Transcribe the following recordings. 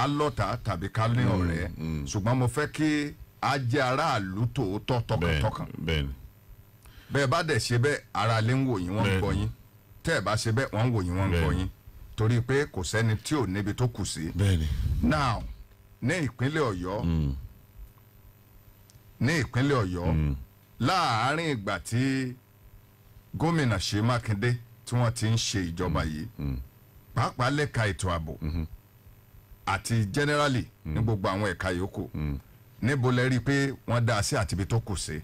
ká lọ́tà tàbí ká ní mm, ọ̀rẹ́ mm. ṣùgbọ́n mo fẹ́ kí a jẹ́ aráàlú tòótọ́ tọkàntọkàn bẹ́ẹ̀ bá dẹ̀ ṣe bẹ́ẹ̀ ara lè ń wò yín ń gbọ́ yín tẹ́ bá ṣe bẹ́ẹ̀ wọ́n ń wò yín ń gbọ́ torí pé kò sẹ́ni tí ò níbi tó kù sí. now ní ìpínlẹ̀ ọ̀yọ́ mm. ní ìpínlẹ̀ ọ̀yọ́ láàárín ìgbà tí gómìnà ṣe mákindé tí wọ́n ti ń ṣe ìjọba yìí pàápàá lẹ́ka ètò ààbò. Mm-hmm àti generally mm. ní hmm. gbogbo àwọn ẹ̀ka yòókù hmm. níbo lẹ rí i pé wọ́n dá a sí àti ibi tó kù sí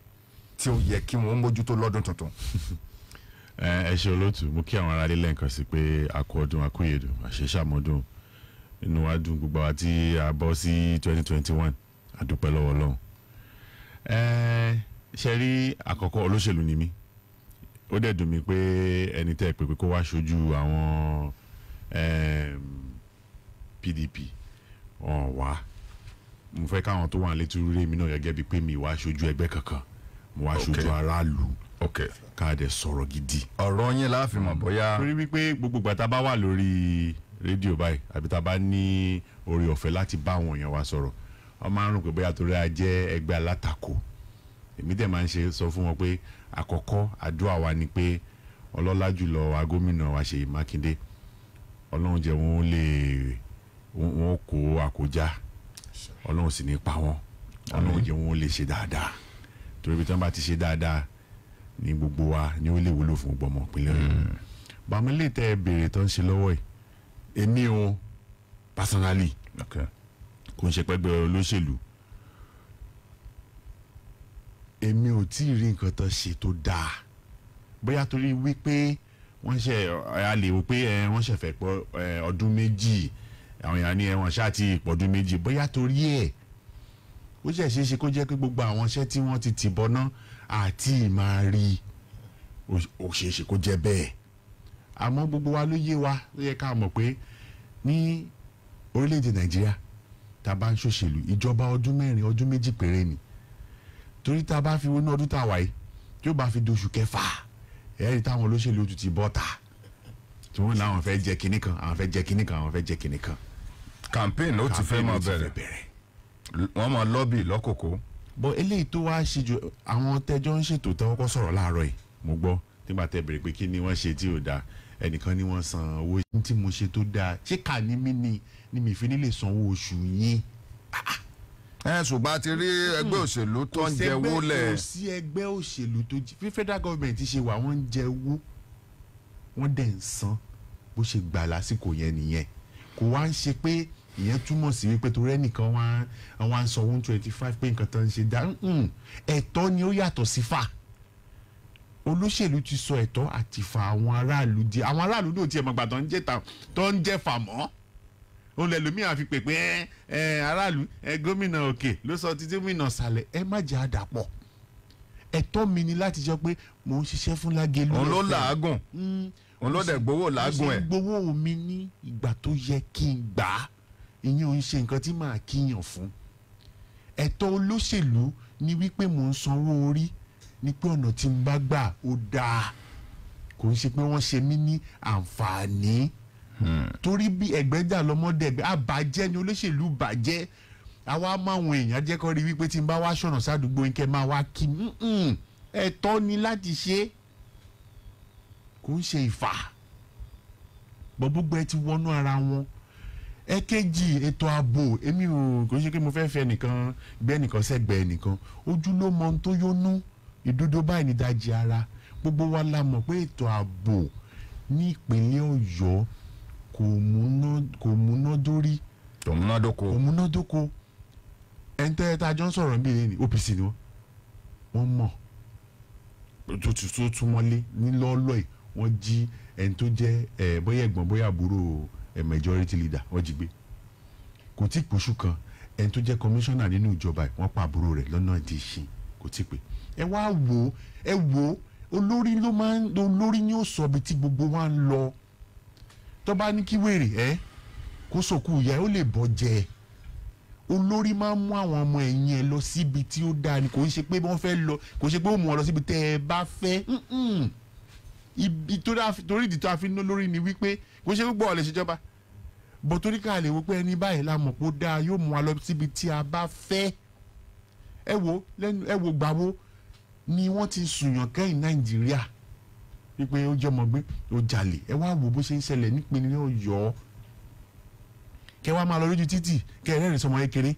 tí ó yẹ kí wọ́n mójútó lọ́dún tuntun. ẹ ṣe olóòtú mo kí àwọn aráalé lẹ́ǹkan sí pé àkú ọdún akúyèdùn àṣeṣàmọ́dún inú wa dùn gbogbo àwa tí a bọ́ sí twenty twenty one a dúpẹ́ lọ́wọ́ Ọlọ́run. ṣe rí àkọ́kọ́ olóṣèlú ni mí ó dẹ̀ dùn mí pé ẹni tẹ́ ẹ pé kó wá ṣojú àwọn PDP ọ̀hún wá mo fẹ́ káwọn tó wà létí rúré mi náà gẹ́gẹ́ bíi pé mi wá aṣojú ẹgbẹ́ kankan mo wá aṣojú aráàlú káàdẹ̀ sọ̀rọ̀ gidi. ọ̀rọ̀ yín la fi mọ̀ hmm. bóyá. torí wípé gbogbo ìgbà tá a bá wà lórí rédíò báyìí àbí tá a bá ní oore ọ̀fẹ́ láti bá àwọn èèyàn wa sọ̀rọ̀ wọ́n máa ń rò pé bóyá torí a jẹ́ ẹgbẹ́ alátakò èmi dẹ̀ máa ń ṣe sọ fún wọn pé àkọ́kọ́ àdúrà wa ni pé ọlọ́lá jùlọ wa gómìnà wa Ṣèyí Mákindé ọlọ́run jẹ́ wọn ó lè wọn kó àkójá ọlọ́run sì ní pa wọn ọlọ́run jẹ́ wọn lè ṣe dáadáa torí bí tí wọ́n bá ti ṣe dáadáa ní gbogbo wa ni ó lè wúlò fún gbogbo ọmọ ìpínlẹ̀ ọ̀yọ́ hmm. bàmí lè tẹ́ ẹ béèrè tó ń ṣe lọ́wọ́ yìí èmi o personally kò ń ṣe pẹ́gbẹ́ olóṣèlú èmi ò tí ì rí nǹkan tó ṣe tó dáa bóyá torí wípé wọ́n ṣe a lè wọ́n ṣẹ̀fẹ̀ pọ̀ ọdún méjì àwọn èèyàn ní ẹ̀wọ̀n ṣáà ti ìpọ̀dún méjì bóyá torí ẹ̀ ó ṣe ṣeéṣe kó jẹ́ pé gbogbo àwọn iṣẹ́ tí wọ́n ti tì bọ́ná àti máa rí ó ṣeéṣe kó jẹ́ bẹ́ẹ̀ àmọ́ gbogbo wa ló yé wa ló yẹ ká mọ̀ pé ní orílẹ̀-èdè nàìjíríà tá a bá ń ṣòṣèlú ìjọba ọdún mẹ́rin ọdún méjì péré ni torí tá a bá fi wọnú ọdún tá a wáyé tí ó bá fi doṣù kẹfà ẹ̀ẹ́dì táwọn olóṣèlú ó tún ti bọ́ ta tí wọ́n láwọn fẹ́ jẹ kinní kan àwọn fẹ́ jẹ kinní kan àwọn fẹ́ jẹ kinní kan. campaign ó ti fẹ́ máa bẹ̀rẹ̀ wọ́n máa lọ́bì lọ́kòkó. bọ eléyìí tó wáá ṣe ju àwọn tẹjọ ń ṣètò tẹwọ́ kọ́ sọ̀rọ̀ láàárọ̀ yìí mo gbọ́ nígbà tẹ bèrè pé kí ni wọ́n ṣe tí ò dáa ẹnìkan ni wọ́n san owó tí mo ṣe tó dáa ṣé kà ní mí ni ni mi fi ní lè sanwó oṣù yín ẹ ṣùgbọ́n a ti rí ẹgbẹ́ òṣèlú tó ń jẹ owó lẹ̀. kò sí ẹgbẹ́ òṣèlú tó jí bí federal government ṣe wà wọ́n ń jẹ owó wọ́n dẹ̀ ń san bó ṣe gbà lásìkò yẹn nìyẹn kò wá ń ṣe pé ìyẹn túmọ̀ sí wípé torí ẹnìkan wá ń sọ one twenty five pé nǹkan tó ń ṣe dá ẹ̀tọ́ ni ó yàtọ̀ sí fà olóṣèlú ti sọ ẹ̀tọ́ àti fà àwọn aráàlú di àwọn aráàlú náà tiẹ̀ mọ̀gbà tó ń jẹ́ tó ń jẹ́ fà mọ́ òun lẹ̀ lómi àfi pèpè ẹ ẹ aráàlú ẹ gómìnà òkè ló sọ títí gómìnà sàlẹ̀ ẹ má jẹ́ àdàpọ̀ ẹ̀tọ́ mi ni láti jọ pé mò ń ṣiṣẹ́ fún lágẹ̀lú. òun ló òun ló dẹ̀ gbowó làágùn ẹ̀. gbowó mi ní ìgbà tó yẹ kí n gbà á ìyẹn ò ń ṣe nǹkan tí màá kíyàn fún ẹ̀tọ́ olóṣèlú ni wípé mò ń sanwó orí ni pé ọ̀nà tí n bá gbà ó dáa kò ń ṣe pé wọ́n ṣe mí ní àǹfààní hmm. torí bí ẹgbẹ́jà lọ́mọdé ẹgbẹ́ àbàjẹ́ ni olóṣèlú bàjẹ́ àwa máwọn èèyàn jẹ́ kọ́ rí wípé tí n bá wá ṣọ̀nà sádùúgbò yín kẹ́ máa wá kí ẹ̀tọ́ ni láti ṣe é kò ń ṣe ìfà bọ́ gbogbo ẹ ti wọnú ara wọn ẹ̀kejì ètò ààbò èmi ò kò ṣe pé mo fẹ́ẹ́ fẹ́ nìkan gbẹ́ nìkan sẹ́gbẹ̀ẹ́ nìkan ojú ló mọ ohun tó yónú ìdodo báyìí ní ìdajì ara gbogbo wa la mọ̀ pé ètò ààbò ní ìpínlẹ̀ ọ̀yọ́ kò múnádórí kò múnádóko kò múnádóko ẹ̀ńtẹ́ tá a jọ ń sọ̀rọ̀ níbi ní OPC ni wọ́n wọ́n mọ̀ tó tún mọ́lé ní lọ́ọ́lọ́ọ̀ yìí wọ́n jí ẹni tó jẹ́ bóyá ẹ̀gbọ́n bóyá àbúrò majority leader wọ́n jí gbé kò tí ì pòṣù kan ẹni tó jẹ́ kọmíṣánná nínú ìjọba ẹ̀ wọ́n pa àbúrò rẹ̀ lọ́nà di ìṣìn kò tí pé ẹ wá wo ẹ wo olórí ló máa ń olórí ni ó sọ ibi tí gbogbo wa ń lọ tó bá ní kí wèrè ẹ kó sòkú ìyá ó lè bọ́ jẹ olórí máa ń mú àwọn ọmọ ẹ̀yìn ẹ lọ síbi tí ó dáa ni kò ń ṣe pé wọ́n fẹ́ lọ kò ń ṣe pé ó mú wọn lọ síbi tẹ́ ẹ bá fẹ́ ibi torí ìdí tó a fi ń ná lórí ni wípé kò ṣe gbogbo ọ̀lẹ́ ṣèjọba bó torí ká lè wo pé ẹni báyìí la mọ̀ kó dáa yóò mú wa lọ síbi tí a bá fẹ́ ẹ wo lẹ́nu ẹ wo gbà ni wọ́n ti sùnyàn kẹ́yìn nàìjíríà wípé ó jẹ́ ọmọgbé ó jalè ẹ wá wo bó ṣe ń ṣẹlẹ̀ nípínlẹ̀ ọ̀yọ́ kẹ wá máa lọ lójú títì kẹ ẹ rẹ́rìn sọmọ kékeré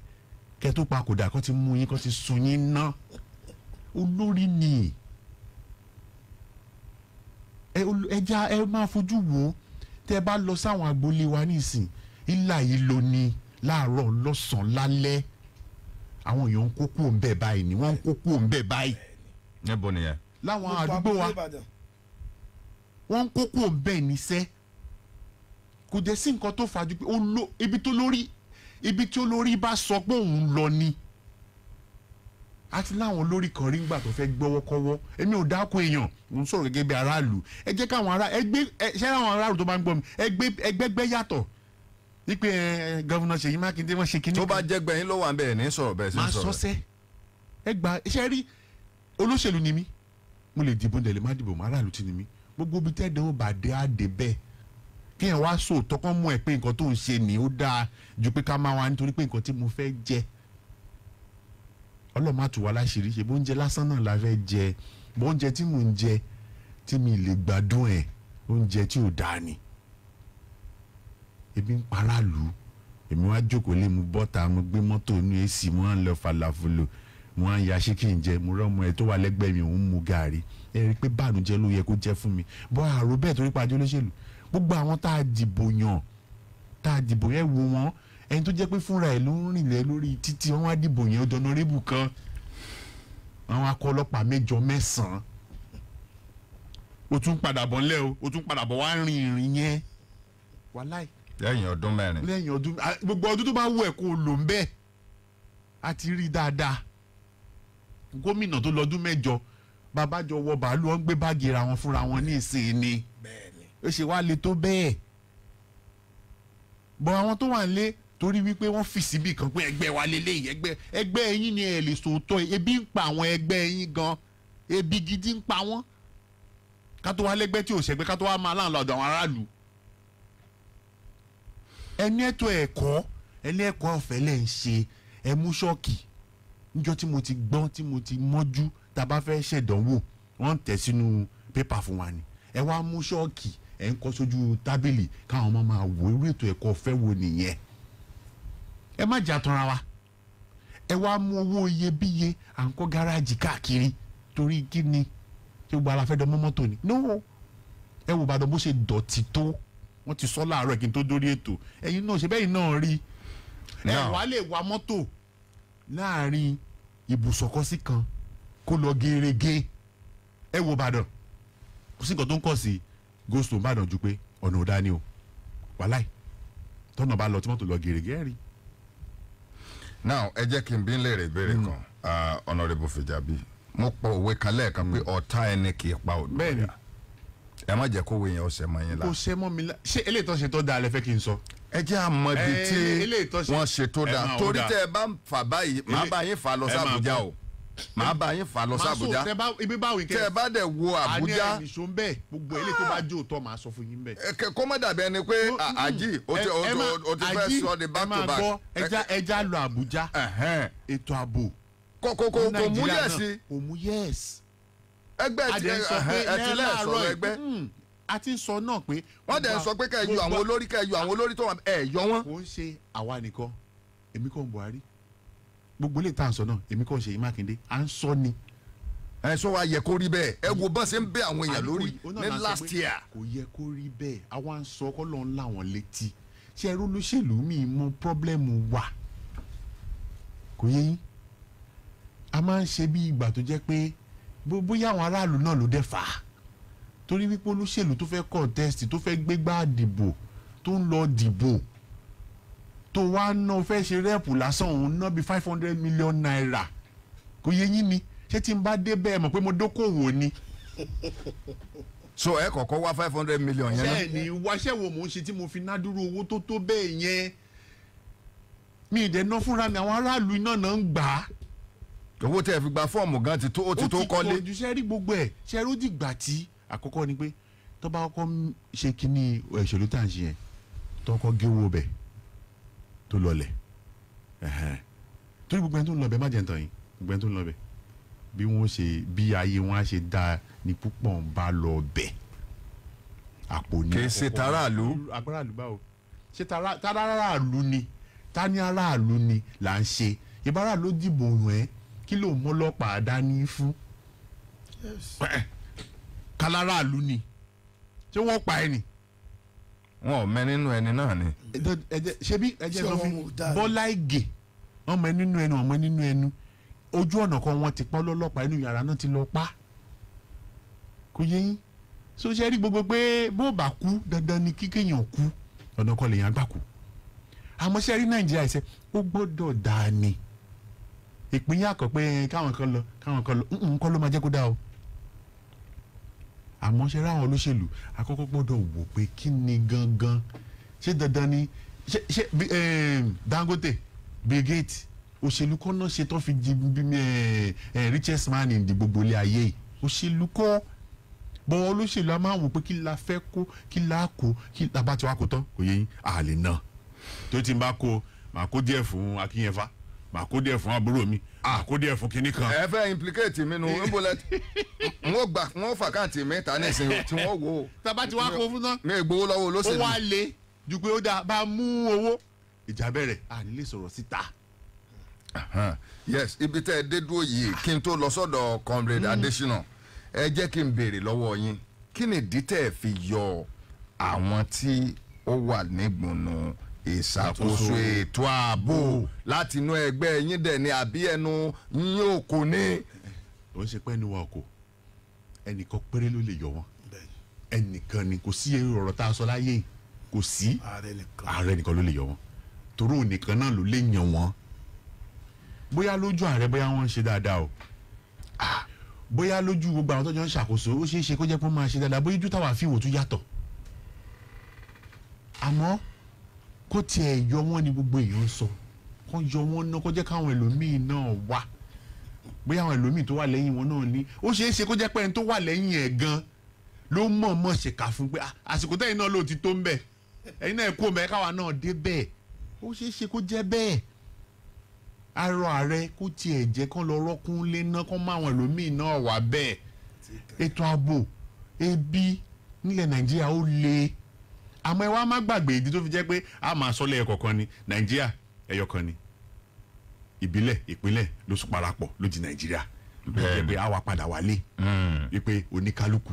kẹ tó pa kódà kó ti mú yín kó ti sùn yín ná olórí nìyí ẹja ẹ máa fojú wò ó tẹ́ bá lọ sáwọn agboolé wa nísìn ilà yìí ló ní láàárọ̀ lọ́sàn-án lálẹ́ àwọn èèyàn ń kókó ń bẹ̀ báyìí ni wọ́n ń kókó ń bẹ̀ báyìí. ẹ bọ nìyẹn. láwọn àdúgbò wa wọ́n ń kókó ń bẹ̀ níṣẹ́ kò dẹ̀ sí nǹkan tó fàájú pé ibi tó lórí ibi tó lórí bá sọ pé òun lọ ni àti láwọn olórí kan rí ngbà tó fẹ́ gbọ́wọ́ kọ́wọ́ èmi ò dáko èèyàn mo ń sọ̀rọ̀ gẹ́gẹ́ bí aráàlú ẹ jẹ́ káwọn ará ẹ gbé ẹ ṣẹ́ àwọn aráàlú tó bá ń gbọ́ mi ẹ gbé ẹgbẹ́gbẹ́ yàtọ̀ wípé ẹ gọ́vùnà Ṣèyí Mákindé wọ́n ṣe kínní. tó bá jẹ́ gbẹ̀yìn ló wà bẹ́ẹ̀ ní sọ̀rọ̀ bẹ́ẹ̀ sí sọ̀rọ̀. máa sọ́sẹ́ ẹ gba iṣẹ́ rí olóṣèlú ni kí ẹ wá sóòótọ́ kán mú ẹ pé nǹkan tó ń ṣe ni dáa ju pé ká máa wá nítorí pé nǹkan tí mo fẹ́ jẹ́ ọlọ́mọ àtúwà láṣìírí ṣe bóúnjẹ lásán náà la fẹ́ jẹ bóúnjẹ tí mò ń jẹ tí mi lè gbádùn ẹ̀ oúnjẹ tí ò dáa ni ebi ń paráàlú èmi wá jókòó lé mu bọ́ta mo gbé mọ́tò inú èsì mo ń lọ falafolo mo ń ya ṣíkìn jẹ mo rọ́mọ ẹ tó wà lẹ́gbẹ̀ẹ́ mi òun mu gàrí ẹ rí i pé bànújẹ́ ló yẹ kó jẹ́ fún mi bọ́ àrò bẹ́ẹ̀ torí pàjọ́ olóṣèlú gbogbo àwọn tá a dìbò yàn tá a dìbò yẹn wo wọn ẹni tó jẹ́ pé fúnra ẹ̀ ló ń rìnlẹ̀ lórí títí wọn á dìbò yẹn ọjọ́ nọ́rẹ́bù kan àwọn akọ ọlọ́pàá mẹ́jọ mẹ́sàn-án o tún padà bọ̀ ńlẹ̀ o o tún padà bọ̀ wá rìn ìrìn yẹn wàláì. lẹ́yìn ọdún mẹ́rin. lẹ́yìn ọdún gbogbo ọdún tó bá wù ẹ́ kó o lò ń bẹ́ẹ̀ a ti rí dáadáa gómìnà tó lọ́dún mẹ́jọ babájọ wọ bàálù wọn gbé báàgì ra wọn fúnra wọn ní ìsìn ni ó ṣe wá le tó bẹ́ẹ̀ bọ̀ àwọn tó wà ń lé torí wípé wọ́n fi síbì kan pé ẹgbẹ́ wa lélẹ́yìí ẹgbẹ́ ẹgbẹ́ yín ni ẹ lè sòótọ́ ebi ń pa àwọn ẹgbẹ́ yín gan ebi gidi ń pa wọ́n ká tó wá lẹ́gbẹ́ tí ò ṣẹgbẹ́ ká tó wá máa láǹlọ ọ̀dọ̀ àwọn aráàlú. ẹni ẹ̀tọ́ ẹ̀kọ́ ẹni ẹ̀kọ́ ọ̀fẹ́ lẹ̀ ń ṣe ẹ mú ṣọ́ọ̀kì níjọ́ tí mo ti gbọ́n tí mo ti mọ́jú tá a bá fẹ́ ṣèdánwò wọ́n ń tẹ̀ sínú pépà fún wa ni ẹ wá mú ṣọ́ọ̀kì ẹ̀ ń kọ́ sójú tábìlì káwọn máa wò irú ètò ẹ̀kọ́ ọ̀fẹ́ wo nìyẹn ẹ má jà tanra wa ẹ wá mú owó iyebíye à ń kọ́ gáràjì káàkiri torí kí ni tí gbogbo ara dán mọ́ mọ́tò ni no ẹ wò Ìbàdàn bó ṣe dọ̀tí tó wọ́n ti sọ láàárọ̀ kí n tó dórí ètò ẹ̀yin náà ṣe bẹ́ẹ̀ náà rí ẹ wàá lè wa mọ́tò láàrin ibùsọ̀kọ́sí kan kó lọ gerege ẹ wò Ìbàdàn kò sí nǹkan tó ń kọ̀ sí goston Ìbàdàn ju pé ọ̀nà ò dá o wàláì tọ́nà bá lọ tí mọ́tò lọ gerege ẹ̀ rí now ẹ jẹ́ kí n bí n léèrè ìbéèrè hmm. kan ah, Honorable Fẹ̀jàbí mo pọ òwe kan lẹ́ẹ̀kan pé hmm. ọ̀tá ẹni kì í pa òdùn bẹ́ẹ̀ ni ẹ má jẹ́ kó òwe yẹn ọ̀sẹ̀ mọ́ yín la. kò ṣe mọ́ mi la ṣé eléyìí tó ṣe tó da alẹ́ fẹ́ kí n sọ. ẹ jẹ́ àmọ́bi eh, tí wọ́n ṣe tó da torí tẹ́ ẹ bá fà báyìí màá bá yín fà lọ sí Àbújá o màá bá yín fà lọ sí Àbújá tẹ ẹ bá dẹ̀ wo Àbújá àní ẹnìṣó ń bẹ̀ gbogbo ẹ̀ lè tó bá jó tọ́ màá sọ fún yín bẹ́ẹ̀. kó má dàbí ẹni pé àjì o ti fẹ́ sọ ni back to back. ẹja ẹja lọ Àbújá ètò ààbò kò mú yẹ̀sì. kò mú yẹ̀sì. ẹgbẹ́ ẹtìlẹ̀ sọ̀rọ̀ ẹgbẹ́ a ti sọ náà pé. wọ́n dẹ̀ sọ pé kẹ́ ẹ yọ àwọn olórí kẹ́ ẹ yọ àwọn olórí tó wà ẹ yọ wọ́n. ó ń ṣe àwa nìkan èmi kàn Buhari gbogbo ilé ìtàn sọ náà èmi kò ṣe Mákindé à ń sọ ni. ẹ sọ wa yẹ kó rí bẹ́ẹ̀ ẹ wo bá ṣe ń bẹ àwọn èèyàn lórí ní last year. kò yẹ kó rí bẹ́ẹ̀ àwa ń sọ kọ́ lọ́n láwọn létí ṣé ẹrú olóṣèlú mi mọ pọ́blẹ́mù wa kò yẹ yín a máa ń ṣe bí ìgbà tó jẹ́ pé bóyá àwọn aráàlú náà ló dé fà á torí wípé olóṣèlú tó fẹ́ contest tó fẹ́ gbégbá dìbò tó ń lọ dìbò tó wá ná fẹ́ ṣe rẹ́ẹ̀pù lásán òun ná bíi five hundred million naira kò yẹ yín ni ṣé tí n bá dé bẹ́ẹ̀ mọ̀ pé mo dókòwò ni. so ẹ kọ̀kọ́ wá five hundred million yẹn náà. bẹ́ẹ̀ni wáṣẹ́ wo mò ń ṣe tí mo fi nádúró owó tó tó bẹ́ẹ̀ yẹn mi ì dẹ́ná fúnra mi àwọn aráàlú iná náà ń gbà á. owó tẹ́ ẹ fi gba fọ́ọ̀mù gan ti tó ó ti tó kọ́lé. ó ti kọ́ ojúṣe rí gbogbo ẹ̀ ṣe ló dìgbà tí àkọ́kọ́ ni pé tó bá kọ́kọ́ ṣe kínní òṣèlú tá à ń ṣe yẹn tó kọ́ gé owó bẹ́ẹ̀ tó lọlẹ̀ torí gbogbo ẹni tó ń lọ bẹ má jẹ́ ntàn yín gbogbo ẹni tó ń lọ bẹ bí wọ́n ṣe bí ayé wọn á ṣe dá ni púpọ̀ ń bá lọ bẹ àpò ní àkọ́kọ́ kì í ṣe taráàlú agbáraàlú báwo ṣe taráàlú ni tani aráàlú ni là ń ṣe ìbára ló dìbò yàn ẹ́ kí ló mọ́ ọlọ́pàá dání fún káláràlú ni ṣé wọ́n pa ẹ́ nì wọn ò mẹ nínú ẹni náà ni. ṣebí ẹjẹ sọ fún bọ́lá ìgè wọn mọ nínú ẹnu ọmọ nínú ẹnu ojú ọ̀nà kan wọn ti pọ́n lọ́lọ́pàá inú yàrá náà ti lọ pa kò yé yín so ṣe rí gbogbo pé bó bá kú dandan ni kíkéèyàn kú ọ̀nà kan lèèyàn gbà kú àmọ́ ṣe rí nàìjíríà ẹ̀sẹ̀ ó gbọ́dọ̀ dáa ni ìpínyà kọ pé káwọn kan lọ káwọn kan lọ nǹkan ló máa jẹ́ kó dáa o àmọ́ ṣe ráwọn olóṣèlú akọ́kọ́ gbọ́dọ̀ wò pé kí ni gangan ṣé dandan ni ṣe ṣe ehm, Dangote Bill Gates òṣèlú kọ́ náà ṣe tó fi di eh, eh, richest man in the gbogbo ilé ayé yìí òṣèlú kọ́ bọ́n olóṣèlú a máa wò pé kí la fẹ́ kó kí la kó kí la bá ti wá kó tán kò yẹ yín àlè náà tó ti ń bá kó màá kó díẹ̀ fún Akínyẹ̀fà màá kó díẹ̀ fún àbúrò mi màá kó díẹ̀ fún kinní kan. ẹ fẹ́ implicate mi nu nbola wọn gbà wọn fà káàntì mẹ́ta nísìnyí tí wọ́n wò ó. tàbá ti wá kó fún náà. mi gbowó lọ́wọ́ olóṣèlú. ó wá le ju pé ó dáa bá mú owó ìjà bẹ̀rẹ̀ à ní sọ̀rọ̀ síta. yes ibi tẹ́ ẹ dé dúró yìí kí n tó lọ sọ́dọ̀ comrade mm. Adesina ẹ jẹ́ kí n béèrè lọ́wọ́ yín kí ni ìdí tẹ́ ẹ fi yọ àwọn tí ó wà nígbònú ìṣàkóso ètò ààbò láti inú ẹgbẹ́ yín dẹ̀ ni àbí ẹnu yín ò ní. ó ń ṣe pé ẹnu wa kò ẹnìkan péré ló lè yọ wọn ẹnìkan ni kò sí èrò ọ̀rọ̀ tá a sọ láyé kò sí ààrẹ nìkan ló lè yọ wọn torí òǹkan náà ló lè yàn wọn bóyá lójú ààrẹ bóyá wọn ń ṣe dáadáa o bóyá lójú gbogbo àwọn tọ́jọ́ ń ṣàkóso ó ṣeé ṣe kó jẹ́ pé wọ́n máa ṣe dáadáa bóyá ojú táwa fi wò yàtọ̀ àmọ́ kó tiẹ̀ yọ wọ́n ní gbogbo èèyàn sọ kó yọ wọ́n náà kó jẹ́ káwọn ẹlòmíín náà wà bóyá àwọn ẹlòmíín tó wà lẹ́yìn wọn náà ní ó ṣeé ṣe kó jẹ́ pé ẹni tó wà lẹ́yìn ẹ̀ gan ló mọ̀ọ́mọ̀ ṣèkà fún pé ah, àsìkò tẹ́yìn náà ló ti tó ń bẹ̀ ẹ̀yin náà kú ọmọ ẹ̀ káwa náà dé bẹ́ẹ̀ ó ṣeé ṣe kó jẹ́ bẹ́ẹ̀ arọ ààrẹ kó tiẹ̀ jẹ́ kán lọ rọ́kún lé ná kán má àwọn ẹlòmíín náà wà bẹ́ẹ̀ ètò ààbò ebi nílẹ̀ nàìjíríà ó le àmọ́ ẹ wá má gbàgbé ìdí tó fi jẹ́ pé a máa sọ lẹ́yọ kọ̀ọ̀kan ni nàìjíríà ẹyọ kan ni ìbílẹ̀ ìpínlẹ̀ ló sùn parapọ̀ ló di nàìjíríà ló jẹ́ pé a wá padà wálé hmm. wípé oníkálukú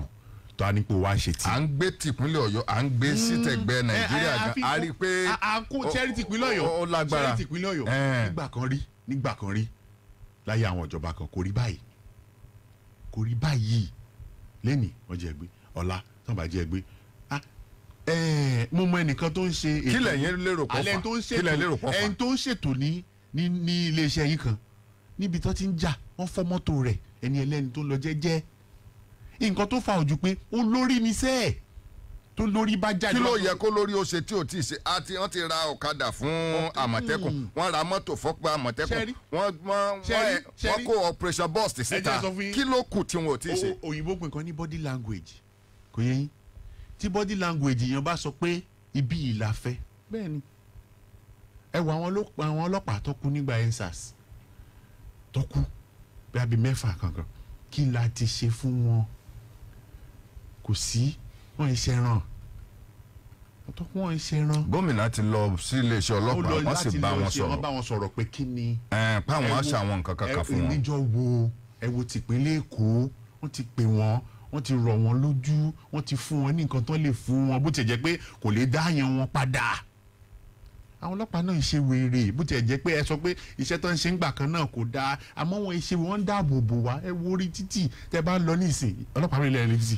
tó a ní pé wá ṣe tí. à ń gbé tìpínlẹ̀ ọ̀yọ́ à ń gbé sítẹ̀gbẹ́ hmm. nàìjíríà eh, gan a rí i pé ó lágbára ṣẹ́rí tìpínlẹ̀ ọ̀yọ́ eh. nígbà kan rí nígbà kan rí láyé àwọn ìjọba kan kò rí báyìí kò rí báyìí lẹ́nìí wọ́n jẹ́ gbé ọ̀la tán bá jẹ́ gbé Eh, mo mọ ẹnìkan tó ń ṣe ètò kílẹ̀ yẹn lérò pọ̀ fà kílẹ̀ lérò pọ̀ fà ẹni tó ń ṣètò ní ní iléeṣẹ́ yín kan níbi tó ti ń jà wọ́n fọ́ mọ́tò rẹ̀ ẹni ẹlẹ́ni tó ń lọ jẹ́jẹ́ nǹkan tó fa ojú pé ó lórí ní sẹ́ẹ̀ tó lórí bá jáde. kí ló yẹ kó lórí ó ṣe tí ò tí ṣe àti wọ́n ti ra ọ̀kadà fún hmm. àmọ̀tẹ́kùn wọ́n ra mọ́tò fọ́pẹ́ àmọ̀tẹ́kùn wọ́n wọ́n kó operation burst síta kí ló kù tí wọn ò tí ṣe. òyìnbó pè kan ní body language kò yẹ yín tí body language yẹn bá sọ pé ibi ìlà fẹ́ bẹ́ẹ̀ ni ẹ wọ àwọn ọlọ́pàá tó kú nígbà ensars tó kú bí abẹ mẹ́fà kankan kí la ti ṣe fún wọn kò sí wọn iṣẹ́ ràn tọkun wọn ṣe rán. gómìnà ti lọ sí iléeṣẹ́ ọlọ́pàá wọ́n sì bá wọn sọ̀rọ̀. wọ́n bá wọn sọ̀rọ̀ pé kí ni. pa àwọn aṣọ àwọn nǹkan kankan fún wọn. ẹ wo ẹ wo tìpínlẹ̀ Èkó wọ́n ti pè wọ́n wọ́n ti rọ̀ wọ́n lójú wọ́n ti fún wọn ní nǹkan tó lè fún wọn bó tiẹ̀ jẹ́ pé kò lè dá àyàn wọn padà àwọn ọlọ́pàá náà ń ṣe wèrè bó tiẹ̀ jẹ́ pé ẹ sọ pé iṣẹ́ tó ń ṣe ń gbà kan náà kò dáa àmọ́ wọn ṣe wọ́n ń dáàbò bò wá ẹ wo orí títì tẹ bá ń lọ ní ìsìn ọlọ́pàá mi lẹ́ẹ̀rí títì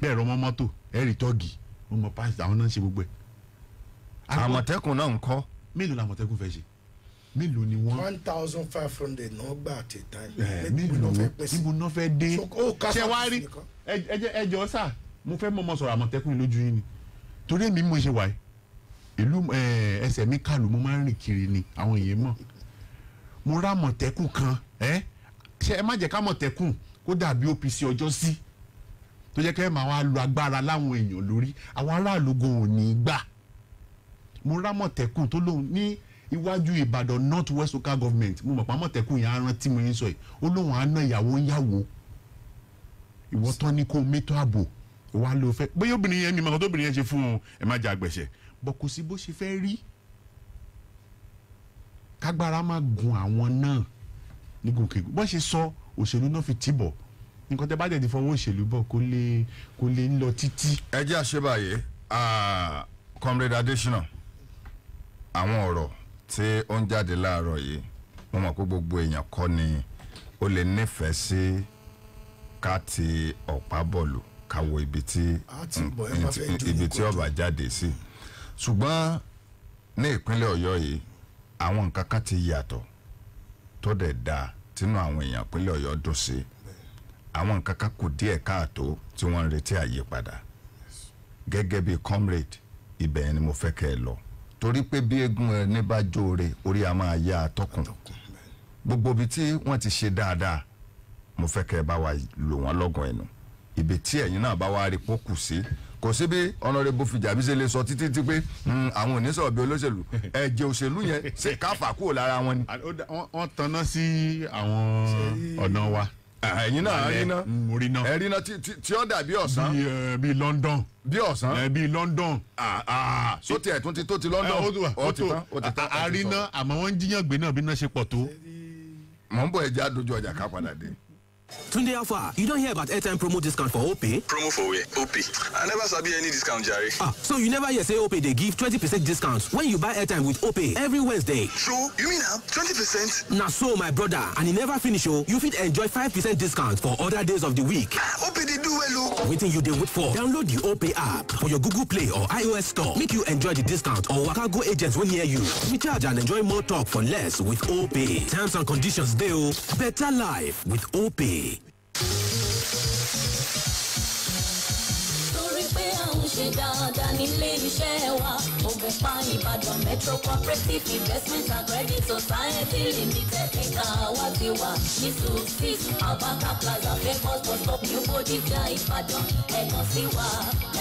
bẹ́ẹ̀ rọmọ mọ́tò ẹ rí tọ́ọ̀gì wọn mọ páàsì àwọn náà ń ṣe gbogbo ẹ̀. àmọ̀tẹ́kùn náà ń kọ́. mélòó mélòó ni wọ́n. one thousand five hundred náà gbà àti time. mélòó níbo náà fẹ́ dé. Oh, ṣé wàá rí ẹ jọ sà mo fẹ́ mọ̀mọ́ sọ̀rọ̀ àmọ̀tẹ́kùn lójú yín ni torí èmi mo ṣe wà ìlú ẹsẹ̀ mi kàlù mo máa ń rìn kiri ni àwọn èèyàn mọ̀ mo rá àmọ̀tẹ́kùn kan ṣe ẹ má jẹ́ ká àmọ̀tẹ́kùn kó dàbí OPC ọjọ́ sí tó jẹ́ kẹ́ ẹ máa wá lo agbára láwọn èèyàn lórí àwọn aráàlú gan ò ní gbà mo rá àmọ̀tẹ́kùn tó lóun ní iwájú ìbàdàn north west local government mo mọ̀ pé àmọ̀tẹ́kùn yẹn aràn tí mo yín sọ yìí ó lóun àna ìyàwó ń yàwó ìwọ tán ni kó mẹ́tò ààbò ìwà ló fẹ́ bóyá obìnrin yẹn mi mọ̀ tó obìnrin yẹn ṣe fún un ẹ̀ má jẹ́ àgbẹ̀ṣẹ̀ bọ̀ kò sí bó ṣe fẹ́ rí kágbára má gun àwọn náà ní gòkègbè bọ́n ṣe sọ òṣèlú náà fi tìbọ̀ nǹkan tẹ bá dẹ̀ ti fọwọ́ òṣèlú bọ̀ kó lè kó lè lọ títí. ẹ jẹ́ àṣebàyé ah, comrade Adesina àwọn ọ̀rọ̀ tí ó ń jáde láàárọ̀ yìí mo mọ̀ pé gbogbo èèyàn kọ́ ni ó lè nífẹ̀ẹ́ sí ká ti ọ̀pá bọ́ọ̀lù ká wo ibi tí ibi tí ọba jáde sí ṣùgbọ́n ní ìpínlẹ̀ ọ̀yọ́ yìí àwọn nǹkan kan ti yàtọ̀ tó dẹ̀ da tínú àwọn èèyàn ìpínlẹ̀ ọ̀yọ́ dùn sí àwọn nǹkan kan kù díẹ̀ káàtó tí wọ́n ń retí àyípadà gẹ́gẹ́ bí comrade ibẹ̀ ni mo fẹ́ kẹ́ ẹ lọ torí pé bí egun ẹ̀ ní bá jó re orí a máa yá àtọkùn gbogbo ibi tí wọ́n ti ṣe dáadáa mo fẹ́ kẹ́ ẹ bá wa lò wọ́n lọ́gàn ẹnu ibi tí ẹ̀yin náà bá wa rí pọ́ kù sí kò sí bí ọ̀nàrẹ́bù fìjàbí ṣe lè sọ títí tí pé hmm, àwọn òní sọ̀rọ̀ olóṣèlú ẹ̀jẹ̀ òṣèlú yẹn ṣe káfà kúrò lára wọn ni. wọ́n tanná sí àwọn ọ̀nà wa ẹ̀yin náà ẹ̀yin náà mórí náà ẹ̀rí náà tí ó dà bí ọ̀sán. bí eh, bí London. bí ọ̀sán. Eh, Bi London. so tiẹ̀ tún ti tó ti London. Eh, ó ti tán ó ti tán. àárín náà àmọ́ wọ́n ń jiyàn gbé náà bí náà ṣe pọ̀ tó. mọ̀ ń bọ̀ ẹja dojú ọjà ká padà dé. Tunde Alpha, you don't hear about airtime promo discount for OPay? Promo for where? OPay. I never sabi any discount, Jerry. Ah, so you never hear say OPay they give 20% discount when you buy airtime with OPay every Wednesday. True. You mean now? 20%? Now so, my brother, and you never finish, oh, you fit enjoy 5% discount for other days of the week. Ah, be the do Waiting you did wait for. Download the OPay app for your Google Play or iOS store. Make you enjoy the discount or cargo agents when near you. Recharge and enjoy more talk for less with OPay. Terms and conditions deal. Oh. Better life with OPay. ṣe dáadáa nílé iṣẹ́ wa ògùnpá ìbàdàn metro cooperative investment and credit society limited ẹ̀ka wa ti wà ní success abaka plaza fẹ́kọ̀ọ́ bus stop new bodijà ìbàdàn ẹ̀kan sí wa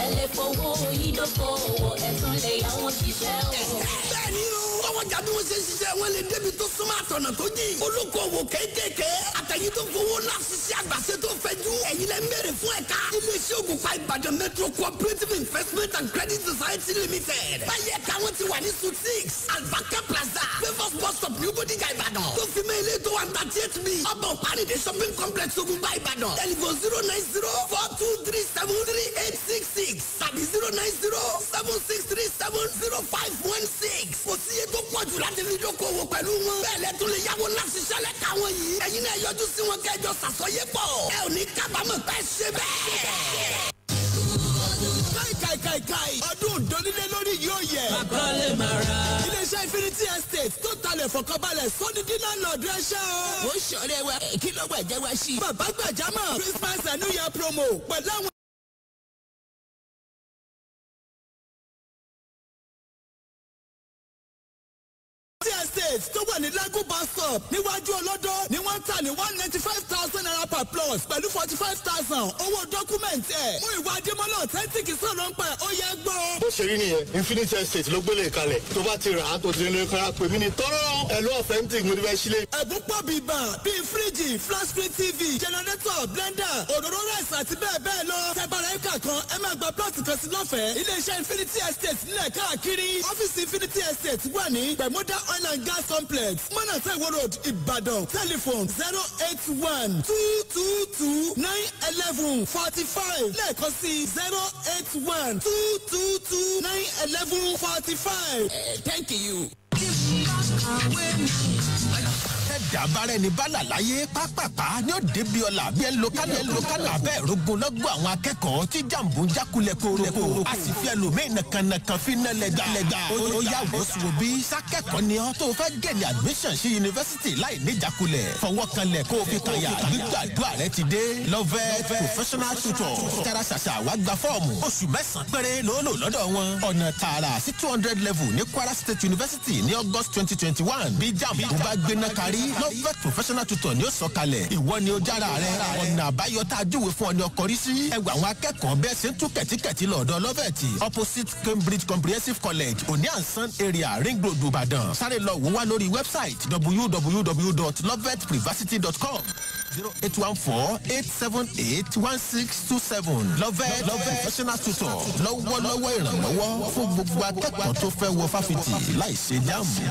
ẹlẹ́fowó ìdókòwò ẹ̀sùn lè yàwọn ṣiṣẹ́ o. bẹ́ẹ̀ni o àwọn jàdú wọn ṣe ń ṣiṣẹ́ wọn lè débi tó súnmọ́ àtọ̀nà tó jìn olókoòwò kéékèèké àtẹ̀yìn tó fowó náà ṣiṣẹ́ àgbàṣe tó fẹ́ ju ẹ̀yin lẹ́ ń bèrè fún ẹ̀ka iléeṣẹ́ ògùnpá ìbàdàn metro cooperative investment and credit society limited báyẹ̀ káwọn ti wà ní sutix albaka plaza favours bus stop new bodiga ìbàdàn tó fi mẹ́ ilé tó one thirty eight b ọba òpàdé shopping complex ogunba ìbàdàn telephone zero nine zero four two three seven three eight six six tàbí zero nine zero seven six three seven zero five one six kò sí iye tó pọ̀ jù láti fi dókòwò pẹ̀lú wọn bẹ́ẹ̀ lẹ́tọ́ lè yàwó náà ṣiṣẹ́ lẹ́ka wọn yìí ẹ̀yin náà yọjú sí wọn kẹjọ sàsọyé pọ̀ ẹ ò ní kábàámọ̀ pẹ́ ṣe bẹ́ẹ̀ kaikaikai ọdún ìdónílé lórí yóò yẹ. àkọlé mara. iléeṣẹ́ infinity estate tó talẹ̀ fọkànbalẹ̀ sóní dínà lọ́dún ẹṣẹ́ o. ó ṣọ̀rẹ́ wa kí ló wẹ̀ jẹ́ wa sí. bàbá gbàjámọ̀ christmas and new year promo pẹ̀lú àwọn. estate tó wà ní lagun bus stop níwájú ọlọ́dọ́ ni wọ́n ń ní one ninety five thousand naira per plus pẹ̀lú forty five thousand owó dọ́kúmẹ̀ntì ẹ̀ mú ìwà adémọ́lá authentic sọ̀rọ̀ ń pa ó yẹ gbọ́. bó ṣe rí nìyẹn infinity estate ló gbélé kalẹ̀ tó bá ti rà á tó ti lè kára pè mí ní tọ́rọ́ ẹ̀lú authentic mo ti fẹ́ sílé. ẹ̀bùn pọ̀ bíi bà bíi fíríjì flat screen tv generator blender òróró rice àti bẹ́ẹ̀ bẹ́ẹ̀ lọ. tẹ́bàrà ẹ̀ka kan ẹ máa gba plot kan sí lọ́fẹ̀ẹ́ iléeṣẹ́ infinity estate nílẹ̀ káàkiri ọ́fíìsì infinity estate wà ní bermuda oil and gas complex mọ́nàtà ìwó road ìbàdàn telephone zero eight one two two two nine eleven forty five lẹ́ẹ̀kan sí zero eight one two two two nine eleven forty five. Eh, thank you. ìjà bára ẹni bá pápápá ní òde bí ọlà bí ẹn lókàlà ẹn lókàlà abẹ́ rogun lọ́gbọ̀ àwọn akẹ́kọ̀ọ́ tí jàǹbù ń jákulẹ̀ kórópó a sì fi ẹlòmíì nàkànnàkàn fi ná lẹ́gbàlẹ́gbà ó yà wòsùwò bí sákẹ́kọ̀ọ́ ni ọ́ tó fẹ́ gẹ̀ẹ́nì admission sí yunifásitì láì níjàkulẹ̀ fọwọ́ kanlẹ̀ kó o fi kàyà gbígbàdúrà rẹ ti dé lọ́fẹ́ professional tutor lovett professional tutor ni ó sọ kalẹ̀ ìwọ ni ó jára rẹ ọ̀nà àbáyọ tá a júwe fún ọ ni ọkọ rí sí ẹgbà àwọn akẹ́kọ̀ọ́ bẹ́ẹ̀ ṣe ń tú kẹ̀tíkẹ̀tí lọ́dọ̀ lovett opposite cambridge comprehensive college òní ansan area ring road ìbàdàn sáré lọ wò wá lórí website www.lovettprivacity.com zero eight one four eight seven eight one six two seven lovett professional tutor lọ́wọ́lọ́wọ́ ìrànlọ́wọ́ fún gbogbo akẹ́kọ̀ọ́ tó fẹ́ wọ fáfitì láìsí jáàmù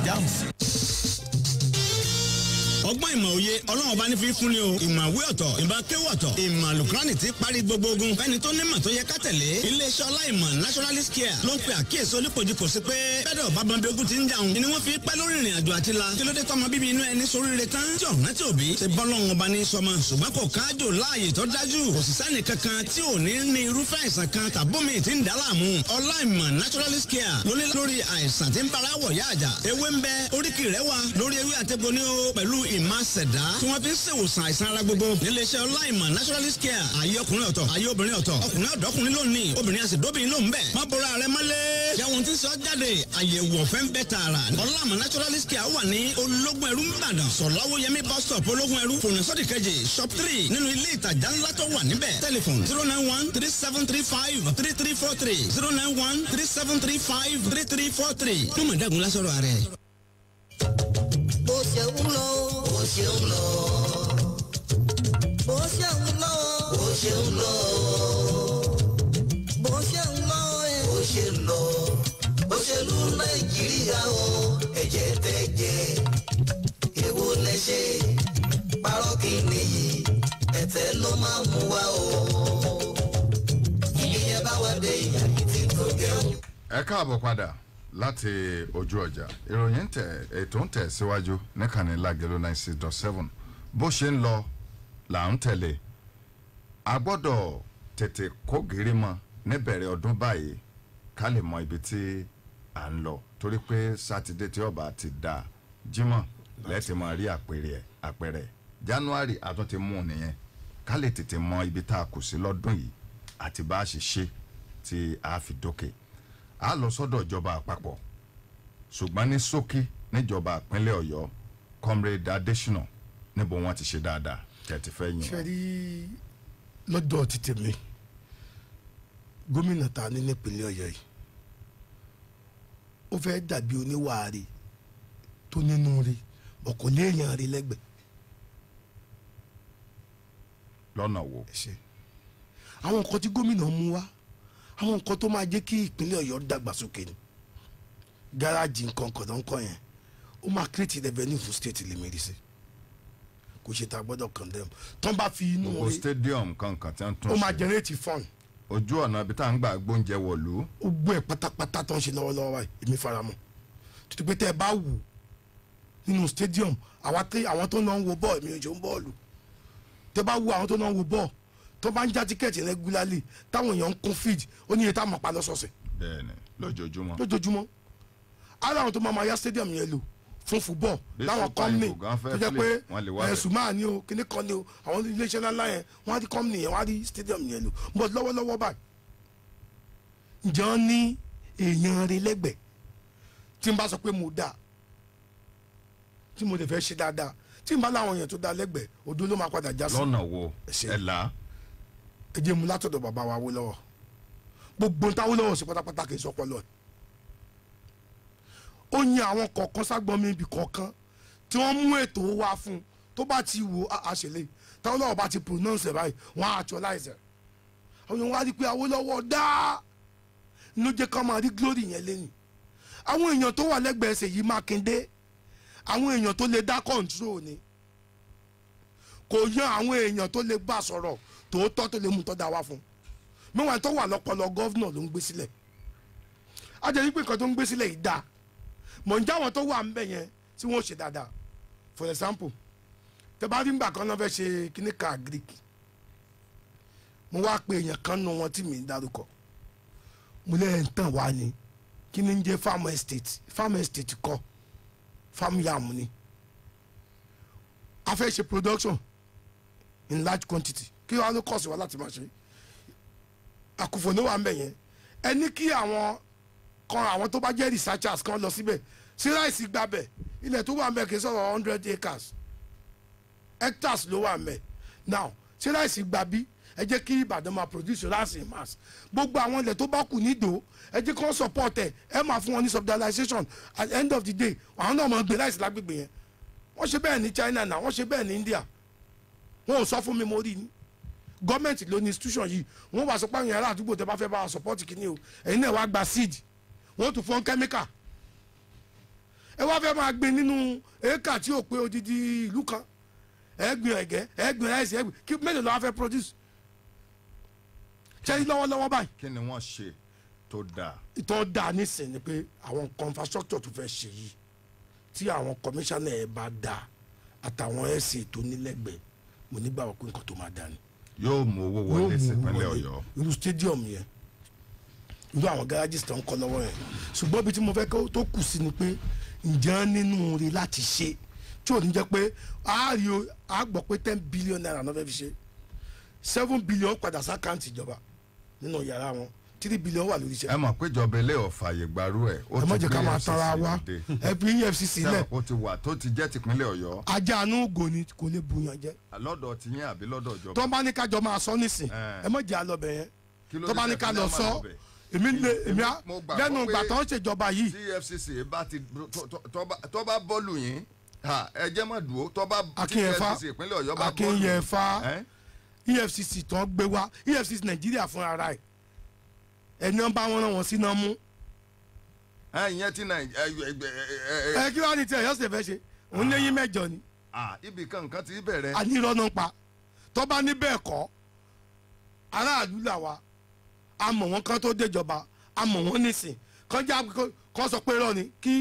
ọgbọ́n ìmọ̀ òye ọlọ́run bá ní fi fún ni o ìmọ̀ àwé ọ̀tọ̀ ìmọ̀ akéwò ọ̀tọ̀ ìmọ̀ àlùkùránì ti parí gbogbo ogun fẹ́ni tó nímọ̀ tó yẹ ká tẹ̀lé iléeṣẹ́ ọláìmọ̀ nationalist care ló ń pe àkíyèsí olùpọ̀jù kò sí pé bẹ́ẹ̀dọ̀ bábọn bí ogun ti ń jàun ni wọ́n fi pẹ́ lórí ìrìn àjò àti la kí ló dé tọmọ bíbí inú ẹni soríire tán tí ọ̀rẹ́ tí òbí ṣe bọ́lọ́run ọba ní sọmọ ṣùgbọ́n kò káàjò láàyè tó dájú kò sì sẹ́ni kankan tí ò ní ní irúfẹ́ àìsàn kan tàbómi ti ń dá láàmú ọláìmọ̀ nationalist care ló lórí àìsàn tí ń bara wọ̀ yáàjà ewé ń bẹ oríkì ìmọ̀ àṣẹ̀dá tí wọ́n fi ń ṣèwòsàn àìsàn ara gbogbo níléeṣẹ́ ọláìmọ̀ naturalist care àyè ọkùnrin ọ̀tọ̀ àyè obìnrin ọ̀tọ̀ ọkùnrin ọ̀dọ́kùnrin lónìí obìnrin àṣẹdóbìnrin ló ń bẹ̀ má bora rẹ mọ́lẹ̀. yàwọn tí ń sọ jáde àyẹ̀wò ọ̀fẹ́ ń bẹ tààrà ọláìmọ̀ naturalist care wà ní ológun ẹrú ńbàdàn sọ̀láwó yẹmí bus stop ológun ẹrú fòrùnsọ́dì shop three nínú ilé ìtajà ńlá tó wà zero nine one three seven three five three three four three zero nine one three seven three five three three four three. tó mọ̀ dágun lásọ̀rọ̀ ṣe lọ. bó ṣe lọ. bó ṣe lọ. bó ṣe lọ. bó ṣe lọ. bó ṣe lù nàìjíríà o ẹ̀jẹ̀ tẹ̀jẹ̀ èwo lẹ ṣe parọ́ kí nìyí ẹ̀tẹ́ ló máa mú wa o. ìyẹn bá wa dé ìyá yìí ti ẹ káàbọ̀ padà láti ojú ọjà ìròyìn tẹ ètò ń tẹ̀ níkànnì Lágelú ninety six dot seven bó ṣe ń lọ là ń tẹ̀lé a gbọ́dọ̀ tètè kó gírí mọ́ níbẹ̀rẹ̀ ọdún báyìí ká lè mọ ibi tí à ń lọ torí pé sátidé tí ọba ti dá Jímọ̀ lẹ́tì máa rí àpẹẹrẹ January àtún ti mú nìyẹn ká lè tètè mọ ibi tá a kù sí lọ́dún yìí àti bá a ṣe ṣe tí a fi dókè á lọ sọ́dọ̀ ìjọba àpapọ̀ ṣùgbọ́n ní ṣókí níjọba ìpínlẹ̀ ọ̀yọ́ comrade adesina níbo wọn ti ṣe dáadáa tẹ̀tí fẹ́ sẹ́rí lọ́dọ̀ títí mi gómìnà ta ni nípínlẹ̀ ọ̀yọ́ yìí ó fẹ́ dàbí oníwàárí tó nínú rí ọkọ̀ léèyàn rí lẹ́gbẹ̀ẹ́. lọ́nà wo. àwọn nǹkan tí gómìnà mú wá àwọn nǹkan tó máa jẹ́ kí ìpínlẹ̀ ọ̀yọ́ dàgbàsókè ni gáràjì nǹkan kọ̀dọ̀ǹkọ̀ yẹn ó máa create revenue fún state lèmẹ́rì sí kò ṣe ta gbọ́dọ̀ condemn tán bá fi inú rẹ gbogbo stadium kankan tí wọ́n tún ṣe ó máa generate fund. ojú ọ̀nà ibi tá à ń gbà gbóúnjẹ wọ̀lú. ó gbọ́ ẹ̀ pátápátá tó ń ṣe lọ́wọ́lọ́wọ́ báyìí èmi faramọ́ tuntun pé tẹ́ ẹ bá wù nínú stadium àwọn tó ń lọ ń wo bọ́ọ̀lù èmi ò jẹun bọ́ọ̀lù tẹ́ bá wù àwọn tó ń lọ ń wo bọ́ọ̀lù tó bá ń já tíkẹ́ẹ̀tì regularly táwọn èèyàn ń kún feed ó ní iye táwọn pa lọ́sọ̀ọ̀sẹ̀. bẹ́ẹ̀ni lójoojúmọ́. lójoojúmọ́ ara àwọn tó máa ma ya stadium yẹn lò fún football láwọn company tó jẹ́ pé ẹ̀sùn máa ní o kíní kan ní o àwọn iléeṣẹ́ ńláńlá yẹn wọ́n á di company yẹn wọ́n á di stadium yẹn lò but lọ́wọ́lọ́wọ́ báyìí ǹjẹ́ wọ́n ní èèyàn rẹ lẹ́gbẹ̀ẹ́ tí n bá sọ pé mo dáa tí mo lè fẹ́ ṣe dáadáa tí n bá láwọn èèyàn tó dáa lẹ́gbẹ̀ẹ́ odó ló máa padà já sí. lọ́nà wo ẹ̀ la ẹ jẹ́ mu látọ̀dọ̀ bàbá wa Awólọ́wọ̀ gbogbo ń táwọ́lọ́wọ̀ sí pátápátá kì í sọpọ̀ lọ. ó yan àwọn kọ̀ọ̀kan ságbọ́n mi ibì kọ̀ọ̀kan tí wọ́n mú ètò wá fún un tó bá ti wò àṣẹlẹ̀ táwọ́lọ́wọ̀ bá ti pronounce ẹ̀ báyìí wọ́n á actualize ẹ̀. àwọn èèyàn wá rí i pé Awólọ́wọ̀ dáa ló jẹ́ ká máa rí glory yẹn lẹ́yìn. àwọn èèyàn tó wà lẹ́gbẹ̀ẹ́ ṣèyí Mákindé àwọn èèyàn tó lè dá control ni kò yan àwọn èèyàn tó lè bá sọ̀rọ̀ tòótọ́ tó lè mú tọ́ da wá fún un mẹ́wàá tó wà lọ́pọlọ gọ́vnà ló ń gbé sílẹ̀ ajẹ́ wípé nǹkan tó ń gbé sílẹ̀ yìí dáa mọ̀ ń jáwọ́ tó wà ń bẹ̀ yẹn tí wọ́n ṣe dáadáa for example tẹ bá rí ngbà kan náà fẹ́ ṣe kíní ká greek mo wá pe èèyàn kan nu wọn tí mi ń darúkọ mo lẹ́yìn tán wá ni kíní ń jẹ́ farm estate farm estate kọ́ farm yam ni a fẹ́ ṣe production in large quantity kí wọ́n á ló kọ̀ọ̀sì wá láti máa ṣe àkùfò ló wà ń bẹ̀ yẹn ẹ ní kí àwọn kan àwọn tó bá jẹ́ researchers kan lọ síbẹ̀ sí ráìsì gbabẹ̀ ilẹ̀ tó wà ń bẹ̀ kì í sọ̀rọ̀ hundred acres hectares ló wà ń bẹ̀ now sí ráìsì gbabí ẹ jẹ́ kí ìbàdàn máa produce rice in mass gbogbo àwọn ilẹ̀ tó bá kù nídò ẹ jẹ́ kí wọ́n support ẹ̀ ẹ máa fún wọn ní subsidization at the end of the day àwọn náà máa gbé rice lágbègbè yẹn wọ́n ṣe bẹ́ẹ̀ ní China náà wọ́n ṣe bẹ́ẹ̀ ní India wọn ò sọ fún mi mo rí ni. Government, ló ní institution yìí wọ́n wá sọ pé àwọn ará àdúgbò tẹ́ bá fẹ́ bá wa support kìíní o ẹ̀yin náà wá gba seed wọ́n tún fọ́n kẹ́míkà ẹ wá fẹ́ máa gbin nínú éékà tí ò pé odidi ìlú kan ẹ gbin ẹ̀gẹ́ ẹ gbin ẹ̀sì ẹ gbin kí mélòó la wá fẹ́ produce ṣé lọ́wọ́lọ́wọ́ báyìí. kí ni wọ́n ṣe tó dáa. tó dáa nísìnyí pé àwọn infrastructure tó fẹ́ ṣe yìí tí àwọn commissioner ẹ bá dáa àtàwọn ẹ̀sìn tó nílẹ̀gbẹ̀ẹ́ mo nígbà wọ́n pé nǹkan tó máa dáa ni yóò mú owó wọlé sípínlẹ̀ ọ̀yọ́. irú stadium yẹn irú àwọn garages tó ń kọ́ lọ́wọ́ yẹn ṣùgbọ́n ibi tí mo fẹ́ tó kù sí ni pé ǹjẹ́ nínú rí láti ṣe tí ò ní jẹ́ pé a rí o a gbọ́ pé ten billion naira náà fẹ́ fi ṣe seven billion padà sí àkáǹtì ìjọba nínú yàrá wọn three billion wà lórí iṣẹ́. ẹ mọ̀ pé ìjọba ilé ọ̀fà àyègbàrú ẹ̀ ó ti gbé EFCC dé ẹ fi EFCC lẹ̀. ó ti wà tó ti jẹ́ tìpínlẹ̀ Ọ̀yọ́. ajánu ògo ni kò lè buyan jẹ. lọ́dọ̀ ti yín àbí lọ́dọ̀ ìjọba. tó bá ní ká jọ máa sọ nísìn ẹ mọ̀ jẹ́ àlọ́bẹ̀ yẹn tó bá ní ká lọ sọ èmi lè èmi á lẹ́nu ìgbà tó ń ṣèjọba yìí. EFCC bá ti tó bọ́ọ̀lù yín ẹ jẹ́ mọ̀ dùn ó tó tí EFCC ìpínlẹ̀ Ọ̀yọ́ bá bọ́ọ̀lù yín. akínyẹ̀fà EFCC tó gbé wa EFCC Nàìjíríà fúnra rẹ̀ ẹni wọn bá wọn rán wọn síná mú. ìyẹn ti nà. ẹ kí wàá ní tí ẹ̀yọ́ sì fẹ́ ṣe òun léyìn mẹ́jọ ni. ibì kan nǹkan ti bẹ̀rẹ̀. a ní ìrọ́nà pa tọ́ba ní bẹ́ẹ̀ kọ́ aráàlú là wa a mọ̀ wọn kán tó déjọba a mọ̀ wọn nísìn kọjá kọ́ sọ pé rọ́ọ̀ni kí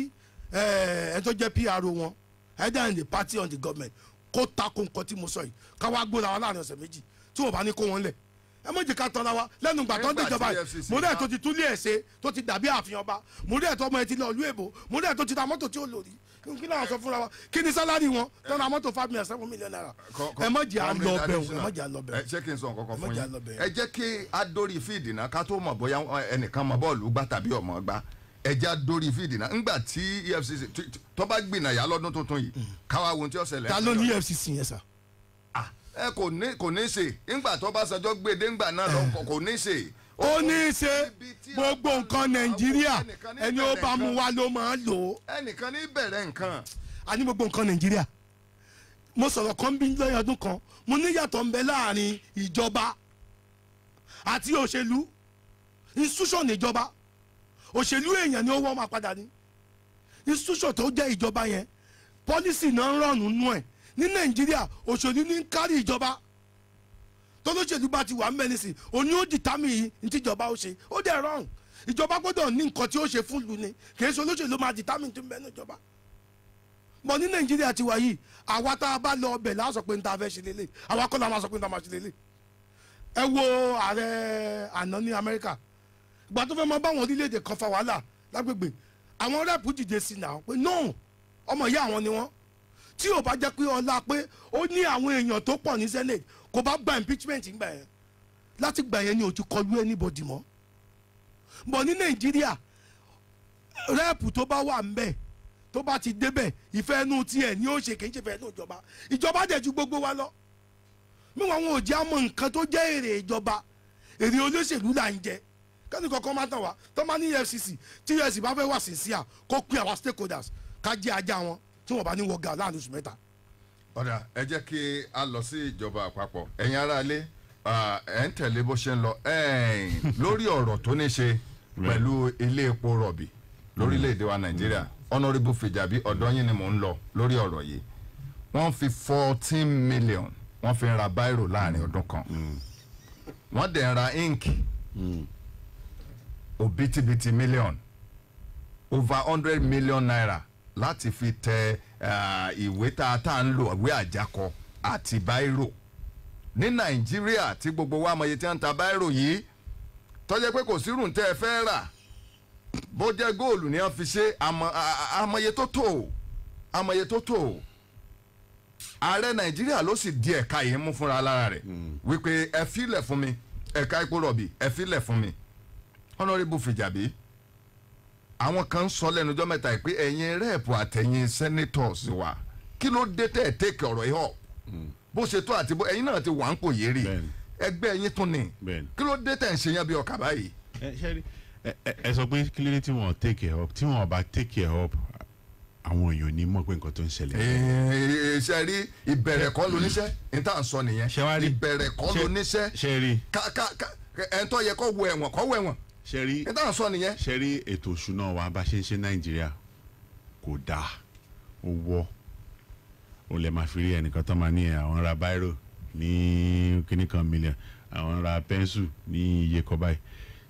ẹ tó jẹ́ PRO wọn header in the party on the government kó takò nǹkan tí mo sọ yìí káwá gbóra wa láàrin ọ̀sẹ̀ méjì tí wọ́n bá ní kó wọn lẹ̀ ẹ méjì ká tọ́ra wa lẹ́nu ìgbà tó ń déjọba yìí mo rí ẹ̀ tó ti tún lé ẹ̀ ṣe tó ti dàbí ààfin ọba mo rí ẹ̀ tó ọmọ ẹ̀ ti lọ ìlú èbó mo rí ẹ̀ tó ti ta mọ́tò tí ó lò rí kí ni àwọn sọ fúnra wa kí ni sálárì wọn tó ra mọ́tò five million seven million naira ẹ méjì á lọ bẹ̀rù ẹ méjì á lọ bẹ̀rù. ẹ jẹ́ kí n sọ nǹkan fún yín ẹ jẹ́ kí a fíìdì náà ká tó mọ̀ bóyá ẹnìkan mọ bọ́ọ̀lù gbá tàbí ọmọ gbá ẹ já dórí fíìdì náà ńgbà tí EFCC tó bá gbìnà yà lọ́dún tuntun yìí mm. káwa wo ohun tí ó ṣẹlẹ̀. ta ló ní EFCC yẹn sà ẹ kò ní kò ní ṣe ńgbà tó bá sọjọ́ gbèdé ńgbà náà lọ kò ní ṣe ó ní í ṣe gbogbo nǹkan nàìjíríà ẹni ó bá mu wá ló máa lò ó. ẹnìkan ní bẹ̀rẹ̀ nǹkan. a ní gbogbo nǹkan nàìjíríà mo sọ̀rọ̀ kan bí lọ́yọ̀ ọdún kan mo níyàtọ̀ ń bẹ láàrin ìjọba àti òṣèlú institution ìjọba òṣèlú èèyàn ni ó wọ́n máa padà ní institution tó jẹ́ ìjọba yẹn pọ́lísì náà ń rọ̀nù nú ẹ̀ ní nàìjíríà òṣèlú ní ń kárí ìjọba tọ́lọ́ṣèlú bá ti wà ń mẹ́rin sí òní ó dìtámì ìtìjọba ó ṣe ó dẹ̀ rọrùn ìjọba gbọ́dọ̀ ní nǹkan tí ó ṣe fún lu ni kì í ṣe olóṣèlú máa dìtámì tó ń bẹ níjọba mọ ní nàìjíríà tiwa yìí àwa tá a bá lọ ọbẹ̀ la sọ pé n ta fẹ́ ṣe lélẹ̀ àwa kọ́ la máa sọ pé n ta máa ṣe lélẹ̀ ẹ wo ààrẹ àná ní amẹ́ríkà ìgbà tó fẹ́ máa bá àwọn orílẹ̀-èdè kan fa wàhálà lágbègbè àwọn rẹ́pù dìde sí i náà pé no ọmọ ìyá àwọn ni wọ́n tí o bá jẹ́ pé ọlá pé ó ní àwọn èèyàn tó pọ̀ ní senate kò bá gba impeachment ńgbà yẹn láti gbà yẹn ni ò ti kọlu anybody mọ́ bọ̀ ní nàìjíríà rẹ́ẹ̀pù tó bá wà ńbẹ̀ tó bá ti débẹ̀ ìfẹ́ inú tiẹ̀ ni ó ṣe kì í ṣe fẹ́ inú ìjọba ìjọba dẹ̀ ju gbogbo wa lọ míwọn àwọn òjì àmọ́ nǹkan tó jẹ́ èrè ìjọba èrè olóṣèlú là ń jẹ kẹ́ni kankan máa tàn wá tó máa ní EFCC tí EFCC bá fẹ́ wà sí sí à kó pè àwa stakeholders ká jẹ́ ajá wọn tí wọ́n bá ní wọ gà láàrin oṣù mẹ́ta. ọ̀dà ẹ jẹ́ kí a lọ sí ìjọba àpapọ̀ ẹ̀yin aráalé ẹ̀ ń tẹ̀lé bó ṣe ń lọ lórí ọ̀rọ̀ tó ní ṣe pẹ̀lú ilé epo rọ̀bì lórílẹ̀‐èdè wa nàìjíríà honourable fìjàbí ọ̀dọ́ ni mò ń lọ lórí ọ̀rọ̀ yìí wọ́n fi fourteen million wọ́n fi ra báírò láàrin ọdún kan wọ́n dẹ̀ ra ink òbítíbitì million over hundred million naira láti fi tẹ ìwé tá a ń lò ìwé àjàkọ àti báírò ní nàìjíríà tí gbogbo wa mọye tí wọ́n ń ta báírò yìí tọ́jẹ́ pé kò sírùn tẹ́ ẹ fẹ́ rà bó jẹ́ góòlù ni wọ́n fi ṣe amọye tó tò amọye tó tò ààrẹ nàìjíríà ló sì di ẹ̀ka yìí mú fúnra lára rẹ̀ hmm. wípé ẹ filẹ̀ fún mi ẹ̀ka epo rọ̀bì ẹ filẹ̀ fún mi honorable Fìjàbí àwọn kan sọ lẹ́nu ọjọ́ mẹ́ta pé ẹ̀yin rẹ́ẹ̀pù àtẹ̀yin senators wa kí ló dé tẹ́ ẹ̀ tẹ́kẹ̀ ọ̀rọ̀ yìí họ hmm. bó ṣe tó àti bó ẹ̀yin náà ti wà ń pò yé rí ẹgbẹ́ ẹ̀yin tún ni kí ló dé tẹ́ ń ṣe yẹn bí ọkà báyìí. ẹ sọ pé kí ló tí wọn take it up tí wọn bá take it up àwọn èèyàn ní mọ̀ pé nǹkan tó ń ṣẹlẹ̀. ṣe rí ìbẹ̀rẹ̀ kọ́ lóníṣẹ́ ní tá à ń sọ nìyẹn ìbẹ̀rẹ̀ kọ́ lóníṣẹ́ ẹ̀ńtọ́ yẹ kó wọ ẹ̀wọ̀n kó wọ ẹ̀wọ̀n ṣẹ́rí nítorí sọ nìyẹn. ṣẹ́rí ètò ìṣúná wa bá ṣe ń ṣe nàìjíríà kò dáa ó wọ́ ó lè máa fi rí ẹnìkan tó máa ní àwọn ra báírò ní kíní kan mílíọ̀n àwọn ra pẹ́ńsù ní iye kan báyìí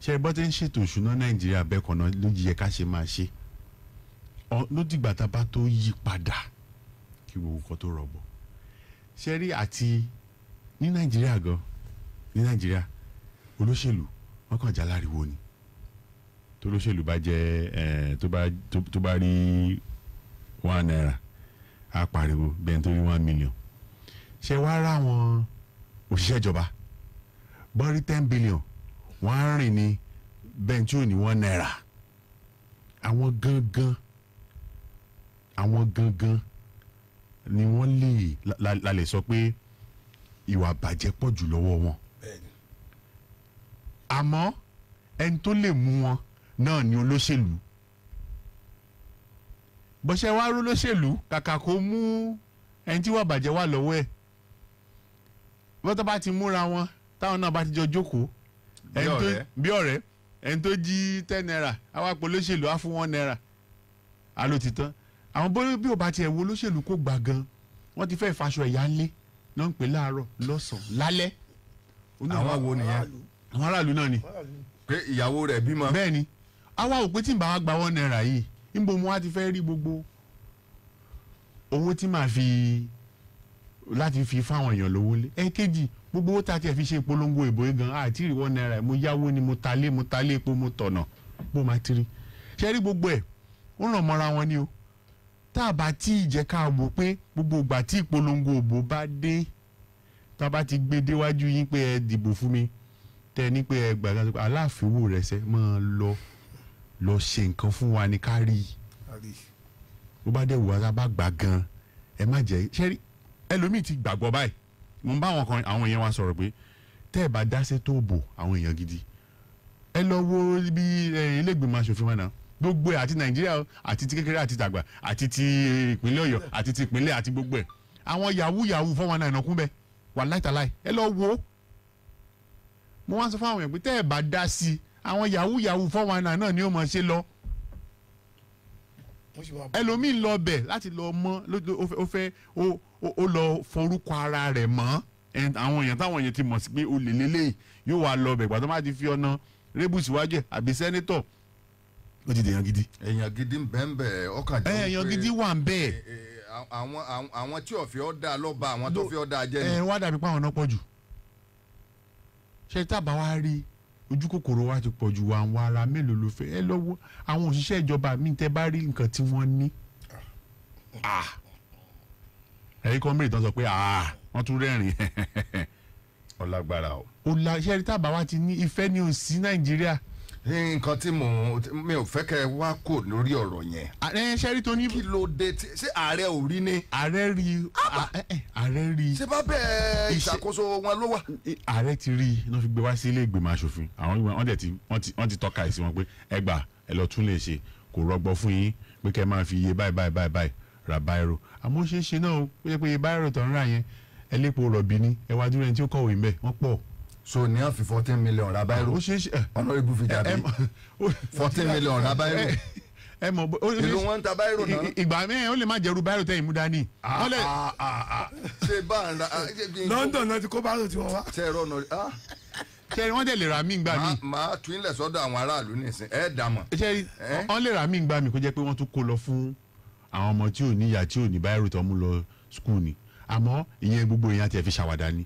ṣẹ́rí bọ́ ti ń ṣètò ìṣúná nàìjíríà bẹ́ẹ̀ kan náà ló yẹ ká ṣe máa ṣe ló dìgbà tá a bá tó yí padà kí gbogbo kan tó rọ̀gbọ̀ ṣẹ́rí àti ní nàìjíríà gan ní nàìjíríà olóṣèlú wọn kàn já láriwo ni tó lóṣèlú bá jẹ eh, tó bá rí one naira á pariwo bẹ́ẹ̀ tó rí one million ṣé wàá rà wọn òṣìṣẹ́ ìjọba bọ́n rí ten billion wọ́n á rìn ní bẹ́ẹ̀ tí ò ní one naira àwọn gangan àwọn gangan ni wọ́n lè la lè sọ pé ìwà bàjẹ́ pọ̀ jù lọ́wọ́ wọn àmọ́ ẹni tó lè mú wọn náà ni olóṣèlú bọ́sẹ̀ wá rú olóṣèlú kàkà kó mú ẹni tí wà bàjẹ́ wà lọ́wọ́ ẹ̀ bọ́tọ́ bá ti múra wọn táwọn náà bá ti jọ jókòó bí ọ̀rẹ́ ẹni tó jí ten naira awapọ̀ olóṣèlú á fún one naira alo ti tán àwọn bóyá bí o bá tiẹ̀ wo olóṣèlú kó gbà gan wọ́n ti fẹ́ẹ́ faṣọ ẹ̀yà ńlẹ̀ náà ń pè láàárọ̀ lọ́sàn-án lálẹ́. àwọn wo nìyẹn àwọn aráàlú náà ni. pé ìyàwó rẹ̀ bímọ. bẹ́ẹ̀ àwa ò pé tí n bá wa gba one naira yìí níbo mo wá ti fẹ́ rí gbogbo owó tí màá fi láti fi fáwọn èèyàn lówó lé ẹ̀ẹ́kejì gbogbo owó tá a tiẹ̀ fi ṣe ìpolongo ìbò yìí gan àti ìrìwọ́ náírà mo yáwó ni mo ta lé mo ta lé epo mo tọ̀nà bó ma ti rí ṣe rí gbogbo ẹ̀ ó ràn mọ́ra wọn ni o tá a bá tí ì jẹ́ ká wò pé gbogbo ìgbà tí ìpolongo ìbò bá dé tá a bá ti gbé déwájú yín pé ẹ dìbò fún mi tẹ ní pé ẹ gbàgbà aláàfin wò rẹ sẹ máa lọ lọ ṣe nǹkan fún wa ni ká rí i bó bá dẹ̀ wù wá bá gbà gan ẹ má jẹ́ ṣẹ́rí ẹlòmíì ti gbàgbọ́ báyìí mo ń bá àwọn kan àwọn èèyàn wa sọ̀rọ̀ pé tẹ́ ẹ bá dáṣẹ́ tó bò àwọn èèyàn gidi ẹ lọ wo bí ilé ìgbìmọ̀ aṣòfin wa náà gbogbo ẹ àti nàìjíríà àti ti kékeré àti tàgbà àti ti ìpínlẹ̀ ọ̀yọ́ àti ti ìpínlẹ̀ àti gbogbo ẹ àwọn yahoo yahoo fọwọn náà ìnàkún bẹ wà láìtàláì ẹ lọ wo mo wá sọ fún àwọn èèyàn pé tẹ́ ẹ bá dá àwọn yahoo yahoo four one nine náà ni ó mọ̀ ṣe lọ ẹlòmíín lọ bẹ̀ láti lọ mọ́ ó fẹ́ ó lọ forúkọ ara rẹ̀ mọ́ àwọn èèyàn táwọn èèyàn ti mọ̀ sí pé olè lélẹ́yìí yóò wá lọ bẹ̀ gbàtọ́ má ti fi ọ̀nà rébùsì wájú ẹ̀ àbí sẹ́nítọ̀ ó ti dèèyàn gidi. èèyàn gidi ń bẹ́ẹ̀ bẹ́ẹ̀ ọkà jẹ́ eh, pé èèyàn gidi wà ń bẹ́ẹ̀. Eh, eh, àwọn àwọn tí ọ̀fẹ́ ọ̀dà lọ́ba àwọn tó fẹ́ ọ̀dà jẹ́ ni. ẹ wá dàbí pé àwọn náà pọ̀ jù ṣé tábà wá rí ojú kòkòrò wa ti pọ̀ ju wa àwọn ara mélòó ló fẹ́ ẹ lọ́wọ́ àwọn òṣìṣẹ́ ìjọba mi tẹ́ bá rí nǹkan tí wọ́n ní ah. ẹ̀yìn kan mìíràn sọ pé ah, wọ́n tún rẹ́rìn ọ̀làgbára o. ọ̀là iṣẹ́ rí tábà wa ti ní ìfẹ́ ni ò sí Nàìjíríà nǹkan tí mò ń mi ò fẹ́ kẹ́ wá kò lórí ọ̀rọ̀ yẹn. ààrẹ sẹ́rí tó ní. kí ló dé tí ṣé ààrẹ ò rí ni. ààrẹ rí ah, ààrẹ rí. ṣé bá bẹ́ẹ̀ ìṣàkóso wọn ló wà. ààrẹ ti rí i ló fi gbé wá sí ilé ìgbìmọ̀ asòfin àwọn ìgbìmọ̀ wọn ti wọn ti tọ́ka ẹ̀ sí wọn pé ẹ gbà ẹ lọ tún lè ṣe kò rọgbọ fún yín pé kẹ́ máa fi iye báyìí báyìí báyìí ra báyìí àmọ́ ṣeéṣe náà ó pé iye báyìí tó ń so ní àfi fourteen million ra báyìí ro eh, honourable fi jàbí fourteen million ra báyìí ro ẹ mọ bó ìlú wọn ta báyìí ro náà. ìgbà mẹ́rin ó lè má jẹ́rú báyìí ro tẹ́yìn mú dání. Ah, ah, ah, ṣe bá a ra. London náà ti kó báyìí ro ti wọ́n wá. ṣe ẹ̀rọ náà sẹ́ni wọ́n dẹ̀ lè ra mí gbà mí. màá tún ilẹ̀ sọ́dọ̀ àwọn aráàlú nìsín ẹ̀ dà mọ̀. wọ́n lè ra mí gbà mí kó jẹ́ pé wọ́n tún kó lọ fún àwọn ọmọ tí ò ní ìyá tí ò ní báyìí tó mú lọ skul ni àmọ́ ìyẹn gbogbo èèyàn tiẹ̀ fi ṣàwàdà ni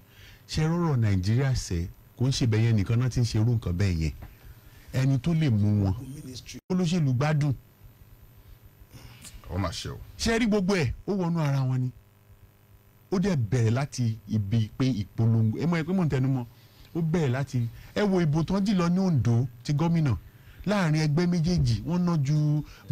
ṣe rọrọ nàìjíríà sẹ kò ń ṣe bẹyẹn nìkan náà ti ń ṣe irú nǹkan bẹ́ẹ̀ yẹn ẹni tó lè mú wọn olóṣèlú gbádùn. ọ mà o. ṣe rí gbogbo ẹ ó wọnú ara wọn ni ó dẹ̀ bẹ̀rẹ̀ láti ibi pé ìpolongo ẹ mọ̀ ẹ pé mò ń tẹnu mọ́ ó bẹ̀rẹ̀ láti ẹ wo ìbò tán jì lọ ní Ondo ti gómìnà láàrin ẹgbẹ́ méjèèjì wọ́n ná ju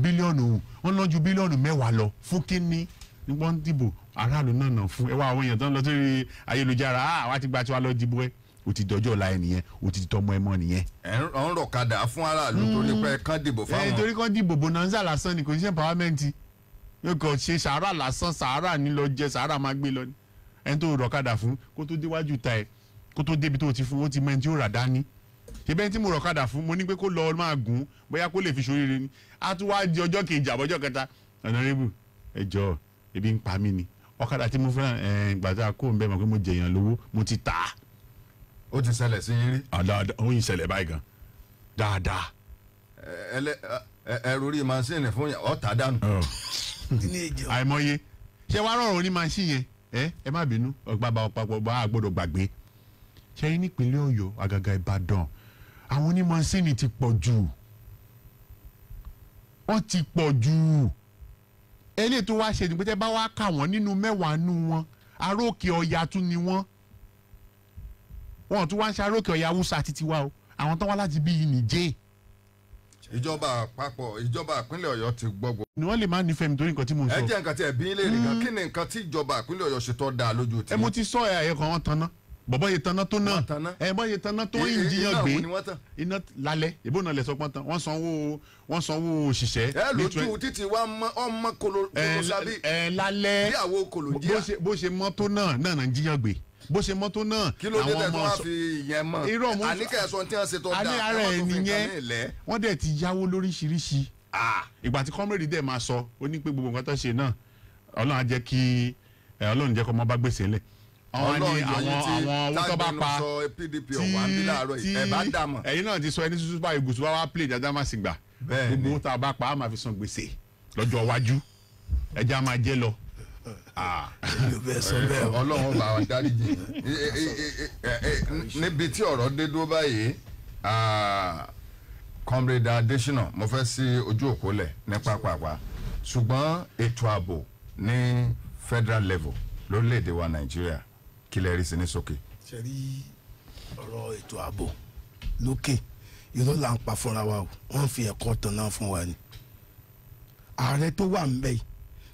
bílíọ̀nù wọ́n ná ju bílíọ̀nù mẹ́wàá lọ fún kínní ní wọ́n dìbò aráàlú náà nà fún ẹ wá àwọn èèyàn tó ń lọ sórí ayélujára ah, àwa ti gba tiwa lọ dìbò ẹ o ti dọjọ́ la ẹ nìyẹn o ti tọmọ ẹ mọ nìyẹn. ẹ ń rọ kadà fún aráàlú torí pé kán dìbò hmm. fáwọn. ẹ torí kán dìbò bonanza lásán ni kò ní ṣe pàwámẹ́ǹtì yóò kàn ṣe sàárà lásán sàárà ní lọ jẹ sàárà máa gbé lọ ni ẹni tó rọ kadà fún kó tó déwájú ta ẹ kó tó débi tó ti fún ó ti mọ ó rà dání ṣe bẹ́ẹ̀ tí mo rọ kadà fún mo ní pé kó lọ máa gùn bóyá kó lè fi ṣoríire ni á tún wá di ọjọ́ kejì ọ̀kadà tí mo fẹ́ràn ẹ̀ gbàtà kó n bẹ́ẹ̀ mọ̀ pé mo jẹ̀yàn lówó mo ti tà á. ó ti ṣẹlẹ̀ sí yín rí. àdáadáa ó yin ṣẹlẹ̀ báyìí gan dáadáa. ẹrù rí màsíìnì fún yàn ọ̀tá dànù. Oh. àìmọye ṣé wàá rọrùn ní màsíìn yẹn ẹ má bínú ọgbà bá bá a gbọ́dọ̀ gbàgbé ṣé yín nípínlẹ̀ Ọ̀yọ́ àgàgà Ìbàdàn àwọn onímọ̀síìnì ti pọ̀ jù wọ́n ti pọ̀ jù eléyìí tó wá ṣe ni pé tẹ́ bá wá kà wọ́n nínú mẹ́wàá nú wọn aróòkè ọ̀yà tún ni wọ́n wọn tún wá ń ṣe aróòkè ọ̀yà haúsá títí wa o àwọn tán wá láti bíi nìjẹ́. ìjọba àpapọ̀ ìjọba ìpínlẹ̀ ọ̀yọ́ ti gbọ́gbọ́. ni wọ́n lè máa nífẹ̀ẹ́ mi torí nǹkan tí mo sọ. ẹ jẹ́ nǹkan tí ẹ̀ bí ilé rẹ̀ kan kí ni nǹkan tí ìjọba ìpínlẹ̀ ọ̀yọ́ ṣe tọ́ da lójú ti. ẹ mo ti sọ ẹ̀yà ẹ̀kọ́ wọn tan náà bọ̀bọ̀ yìí tanná tó náà ẹ bọ́ yìí tanná tó ń jiyàn gbé iná lálẹ́ ìbò náà lẹ̀ sọpọ́n tán wọ́n sanwó wọ́n sanwó òṣìṣẹ́. ẹ lójú títí wa ọmọ kolosabi ẹ lálẹ́ bí àwo kolonjia bó ṣe mọ́ tó náà náà náà jiyàn gbé bó ṣe mọ́ tó náà àwọn ọmọ sọ irọ́ mo àníkẹ́sọ tí wọ́n ṣe tó dáa àní ara ẹ̀ nìyẹn wọ́n dẹ̀ ti yáwó lóríṣiríṣi ìgbà tí kọ́mẹ́rì dẹ̀ máa sọ ó ní pé gbogbo nǹkan tó ṣe náà ọlọ́run á jẹ́ kí ọlọ́run jẹ́ kó mọ́ bá gbèsè lẹ̀ àwọn ni àwọn àwọn owó tó bá pa tí ẹ̀yin náà ti sọ ẹni tuntun báyìí gùsùn bá wá play dada má sì gbà gbogbo owó tá a bá pa á máa fi san gbèsè lọ́jọ́ iwájú ẹja máa jẹ́ lọ. ọlọ́run bá wa dáríjì níbi tí ọ̀rọ̀ dé dúró báyìí comrade adesina mo fẹ́ sí ojú òkú lẹ̀ ní pápápá ṣùgbọ́n ètò ààbò ní federal level lórílẹ̀‐èdè wa nàìjíríà kí lẹ rí sí ní sókè. ṣe rí ọ̀rọ̀ ètò ààbò lókè irọ́ là ń pa fúnra wa o wọ́n fi ẹ̀kọ́ tán náà fún wa ni. ààrẹ tó wà ń bẹ̀ yìí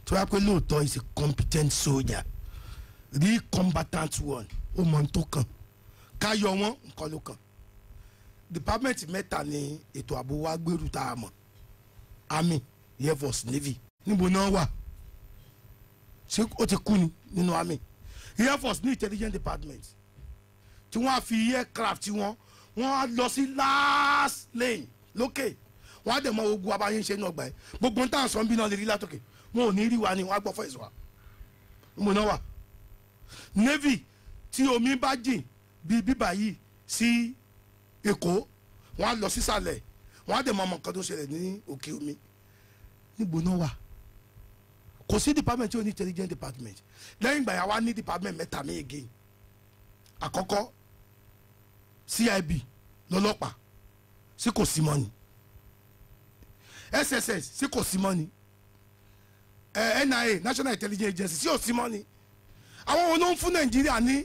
tó yà pé lóòótọ́ is a competent soldier real combatant one ó mọ tó kàn ká yọ wọn nǹkan ló kàn. department mẹ́ta ni ètò ààbò wa gbèrú tá a mọ̀ army air force navy níbo náà wà ṣé ó ti kú ni nínú army air force ní intelligence department tí wọ́n á fi aircraft wọn wọ́n á lọ sí last lane lókè wọ́n á dẹ̀ mọ ogun abayé ń ṣe náà gbà ẹ́ gbogbo nǹkan sọ ń bí náà lè rí látòkè wọn ò ní rí wa ni wọ́n á gbọ́ fọ́ìsì wa mo náà wà navy tí omi bá jìn bíi bíbà yìí sí èkó wọ́n á lọ sísàlẹ̀ wọ́n á dẹ̀ mọ ọmọ nǹkan tó ṣẹlẹ̀ ní òkè omi níbo náà wà kò sí department tí ó ní intelligence department lẹ́yìn ìgbà yà wá ní department mẹ́ta mi again àkọ́kọ́ CIB lọ́lọ́pàá sí kò sí mọ́ni SSS sí kò sí mọ́ni NIA National Intelligence Agency sí ò sí mọ́ni àwọn wo ló ń fún Nàìjíríà ní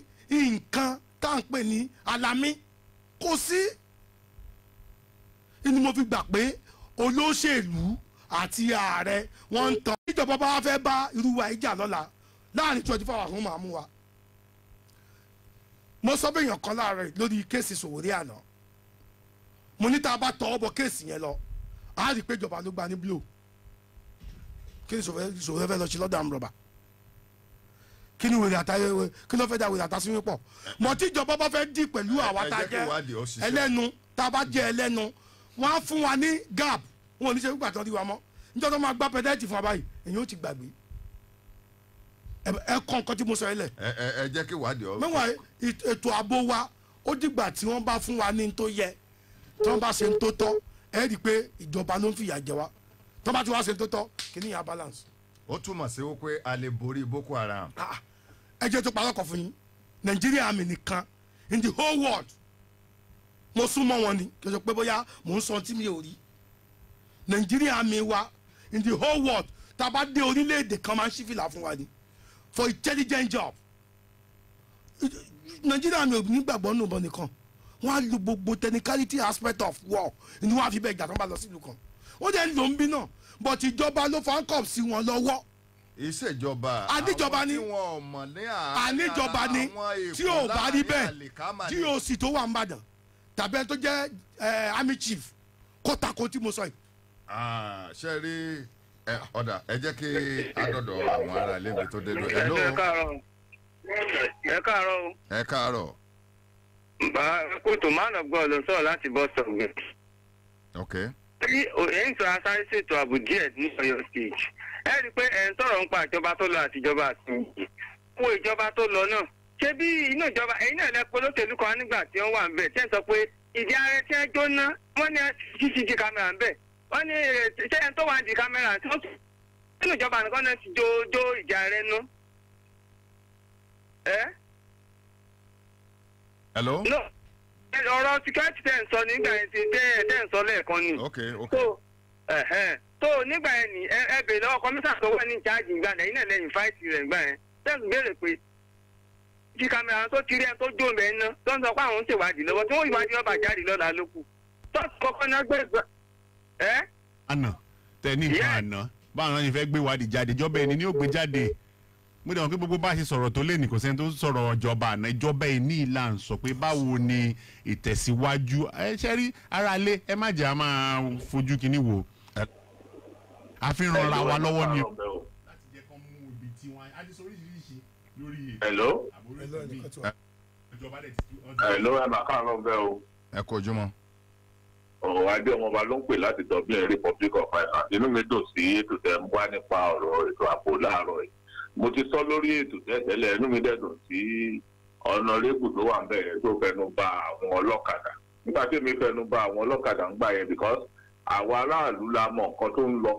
nǹkan tá à ń pè ní alamí kò sí ni mo fi gbà pé olóṣèlú àti ààrẹ wọ́n ń tan. ìjọba bá fẹ́ bá irú wa ìjà lọ́la láàrin twenty four hours wọ́n máa mú wa. mo sọ bẹ́ẹ̀ yàn kan láàárọ̀ lórí kéèsì Sowore àná mo ní tá a bá tọwọ́ bọ kéèsì yẹn lọ a rí i pé ìjọba ló gba ní blow kí ni Sowore fẹ́ lọ ṣe lọ́dọ̀ àmúrọ̀bà kí ni wèrè àtà kí ló fẹ́ da wèrè àtà sínú pọ̀ mọ̀ tí ìjọba bá fẹ́ dì pẹ̀lú àwa tá a jẹ́ ẹlẹ́nu tá a bá jẹ́ ẹlẹ́nu wọ́n á fún wa ní gap wọn ò ní ṣe fún gbàtọ́ rí wa mọ́ níjọ́ tó máa gbá pẹ́tẹ́ẹ̀tì fún wa báyìí èyí ó ti gbàgbé ẹ kọ́ nǹkan tí mo sọ yẹn lẹ̀. ẹ ẹ jẹ́ kí wàá di ọ. mẹ́wàá ètò ààbò wa ó dìgbà tí wọ́n bá fún wa ní tó yẹ tí wọ́n bá ṣe tó tọ́ ẹ rí i pé ìjọba ló ń fìyà jẹ wa tí wọ́n bá ti wá ṣe tó tọ́ kí ni yà balance. ó túmọ̀ sí wípé a lè borí Boko Haram. Ah, ah. ẹ in the whole world mo súnmọ́ wọn ni kí n nàìjíríà mi wa in the whole world tá a bá dé orílẹ̀-èdè kan máa ń ṣí fìlà fún wa ni for intelligent job Nigeria mi ò nígbàgbọ́ nù bọ́ nìkan wọ́n á lo gbogbo technicality aspect of war ni wọ́n á fi bẹ́ẹ̀ gbà tó ń bá lọ sílùú kan ó dẹ̀ ń lò ń bí náà but ìjọba ló fa cup sí wọn lọ́wọ́ ìṣèjọba àníjọba ni àníjọba ni tí o bá rí bẹ́ẹ̀ tí o sì tó wà ń bàdàn tàbí ẹni tó jẹ́ eh, army chief kó takò tí mo sọ yìí Ah, ṣe rí ọ̀dà ẹ jẹ́ kí adọ́dọ̀ àwọn ará ilé mi tó dé lọ. ẹ káàárọ̀ ẹ káàárọ̀ ẹ káàárọ̀. kótó máa lọ gbọ́ lọ láti bọ́ sọ̀gbìn. ok. èyí sọ asáré ṣètò ààbò díẹ̀ ní stage ẹ rí i pé ń tọrọ ń pa ìjọba tó lọ àti ìjọba ìjọba tó lọ náà ṣé bí inú ìjọba ẹ̀yin náà lẹ́pọ̀ kan nígbà tí wọ́n wà wọ́n ní iṣẹ́ tó wà di tí nínú ìjọba nìkan náà ti jó jó ìjà rẹ ẹ. hello. no sọ nígbà ni. ok ok. so so nígbà yẹn ni ẹ bèrè lọ́wọ́ kọ́mísà tó wà ní ìjáàjì ìgbà yẹn iná lẹ́yìn fáìtì rẹ̀ ìgbà yẹn tẹ́ béèrè pé ti tó ti rí ẹ tó jó ẹ. tẹ ní nǹkan àná báwọn gbé wádìí jáde ìjọba ẹni ni ògbé jáde mo pé gbogbo bá ṣe sọ̀rọ̀ tó lé ní sẹ́ni tó sọ̀rọ̀ ọ̀jọba àná ìjọba yìí ní ìlà pé báwo ni ìtẹ̀síwájú ẹ rí ara lé ẹ má jẹ́ a máa fojú wo. lọ́wọ́ ni. ọ̀rọ̀ ajé ọmọọba ló ń pè láti Dublin Republic of Ireland inú mi dùn sí ètò tẹ́ ń wá nípa ọ̀rọ̀ ètò ààbò láàárọ̀ yìí mo ti sọ lórí ètò tẹ́tẹ́lẹ̀ inú mi dẹ̀dùn sí ọ̀nàrẹ́bù tó wà ń bẹ̀rẹ̀ tó fẹnu bà àwọn ọlọ́kadà nígbà tí èmi fẹnu bà àwọn ọlọ́kadà ń gbà yẹn because àwa aráàlú la mọ nǹkan tó ń lọ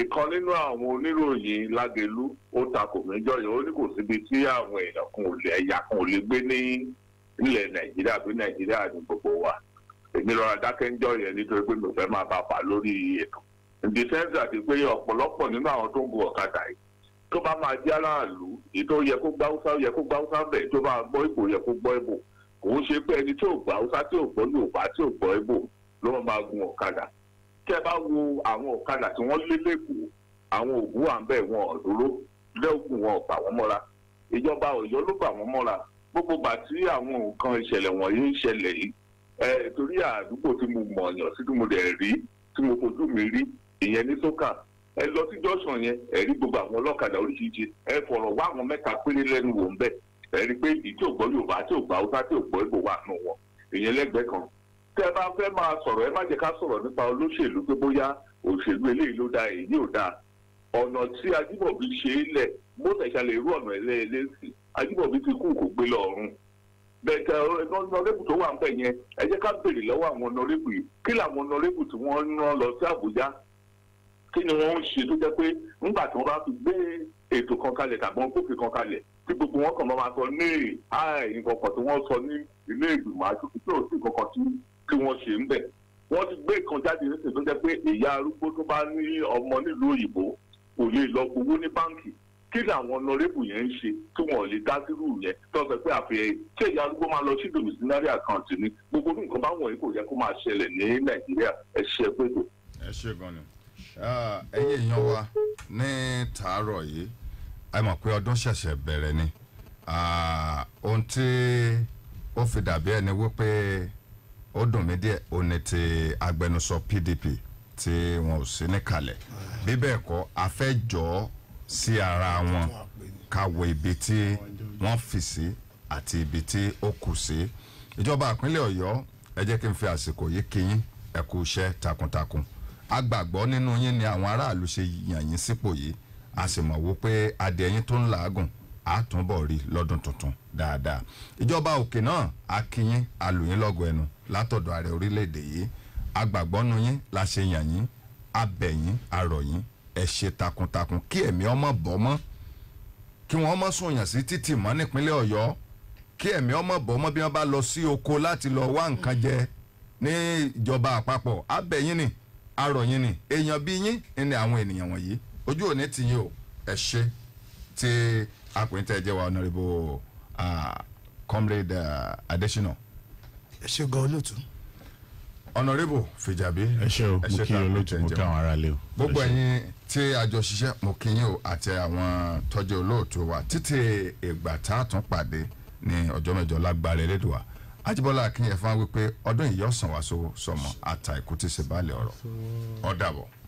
ìkan nínú àwọn oníròyìn lágẹlú ó takò méjọ yẹn ó ní kò síbi tí àwọn èèyàn kan ò lè ẹ̀yà kan ò lè gbé ní ilẹ̀ Nàìjíríà bí Nàìjíríà ní gbogbo wa èmi lọ́ra dákẹ́ ń jọ yẹn nítorí pé mi ò fẹ́ máa bá a fà lórí ètò ìdísẹ́ńsì àti pé ọ̀pọ̀lọpọ̀ nínú àwọn tó ń gun ọ̀kadà yìí tó bá máa jẹ́ aráàlú ètò yẹ kó gbá haúsá yẹ kó gbá haúsá bẹ̀ tó bá gbọ́ ìbò yẹ kó gbọ́ ìbò kò ń ṣe pé ẹni tí ò gbá haúsá tí ò gbọ́ yorùbá tí ò gbọ́ ìbò ló máa gun ọ̀kadà tẹ́ bá wo àwọn ọ̀kadà tí wọ́n lé lẹ́kọ̀ọ́ àwọn òògùn à ń bẹ̀ wọn ọ̀dúró lẹ́ọ̀gùn wọn ọ̀pá wọn mọ́ra ìjọba ọ̀yọ́ ló bà wọ́n mọ́ra gbogbo gbà tí àwọn nǹkan ìṣẹ̀lẹ̀ wọ̀nyí ń ṣẹlẹ̀ yìí torí àdúgbò tí mo mọ̀yàn sí tí mo rí tí mo fojú mi rí ìyẹn ní sókà ẹ lọ sí jọ́sàn yẹn ẹ rí gbogbo àwọn ọlọ́kadà oríṣiríṣi ẹ fọ̀rọ̀ wá àwọn mẹ́ta péré lẹ́nu wò ń bẹ̀ ẹ pé ìdí tí ò gbọ́ Yorùbá tí ò gbà wà nù ìyẹn lẹ́gbẹ̀ẹ́ kan tí ẹ bá fẹ́ sọ̀rọ̀ ẹ bẹ́ẹ̀ tẹ ọ̀nọ́rẹ́bù tó wà ń bẹ̀ yẹn ẹ jẹ́ ká béèrè lọ́wọ́ àwọn ọ̀nọ́rẹ́bù yìí kí làwọn ọ̀nọ́rẹ́bù tí wọ́n ń rán lọ sí Àbújá kí ni wọ́n ń ṣe tó jẹ́ pé ńgbà tí wọ́n bá fi gbé ètò kan kalẹ̀ tàbí wọn kófin kan kalẹ̀ tí gbogbo wọn kàn máa sọ ní àì nǹkan kan tí wọ́n sọ ní ilé ìgbìmọ̀ àti tí ò sí nǹkan kan tí wọ́n ṣe ń bẹ̀ wọ́n ti gbé kan jáde nísìnyí pé ìyá arúgbó tó bá ní ọmọ nílùú òyìnbó kò lè lọ gbowó ní báǹkì kí làwọn nọrẹ́bù yẹn ń ṣe kí wọ́n lè dá sírù yẹn tó sọ pé àfihàn ṣé ìyá arúgbó máa lọ sí domiciliary account ni gbogbo ní nǹkan báwọn yìí kò yẹ kó máa ṣẹlẹ̀ ní nàìjíríà ẹ ṣe pé ẹ ṣe gan ni ẹ̀yin èèyàn wa ní tàárọ̀ yìí a mọ̀ pé ọdún ṣẹ̀ṣẹ̀ bẹ̀rẹ̀ ni ohun tí ó fi dàbí ẹni wípé ó dùn mí díẹ̀ ó ti agbẹnusọ PDP tí wọn ò sí níkàlẹ̀ bí bẹ́ẹ̀ sí ara wọn ká wo ibi tí wọ́n fi sí àti ibi tí ó kù sí ìjọba ìpínlẹ̀ Ọ̀yọ́ ẹ jẹ́ kí n fi àsìkò yìí kí yín iṣẹ́ takuntakun a gbàgbọ́ nínú yín ni àwọn aráàlú ṣe yàn yín sípò yìí a sì mọ̀ wípé adìẹ yín tó ń làágùn á túnbọ̀ rí lọ́dún tuntun dáadáa ìjọba òkè náà a kí yín a lù lọ́gọ̀ ẹnu látọ̀dọ̀ ààrẹ orílẹ̀-èdè yìí a gbàgbọ́ nínú yín la ṣe yàn yín a ẹ ṣe takuntakun kí ẹ̀mí ọmọ bọ́ mọ́ kí wọ́n mọ́ sùnyàn sí títì mọ́ nípínlẹ̀ ọ̀yọ́ kí ẹ̀mí ọmọ bọ́ mọ́ bí wọ́n bá lọ sí oko láti lọ wá nǹkan jẹ ní ìjọba àpapọ̀ abẹ́yìn ni arọ̀yìn ni èèyàn bí yín ni àwọn ènìyàn wọ̀nyí ojú òní ti yín o ẹ ṣe tí akùnrin tẹ́ ẹ jẹ́ wa honourable ah, comrade ah, Adesina. ẹ ṣe gan-an ọ̀nàrẹ́bù fìjàbí ẹ ṣé o mo kí olóòtú mo káwọn ará lé o. gbogbo ẹ̀yin tí a jọ ṣiṣẹ́ mo kí yín o àti àwọn tọ́jú olóòtú wa títí ìgbà tá a tún pàdé ní ọjọ́ mẹ́jọ lágbára ẹlẹ́dùnwá Àjíbọ́lá Akínyẹ̀fọ́n wípé ọdún ìyọ́sàn wàásù sọmọ àtà ti ṣe báàlẹ̀ ọ̀rọ̀ ó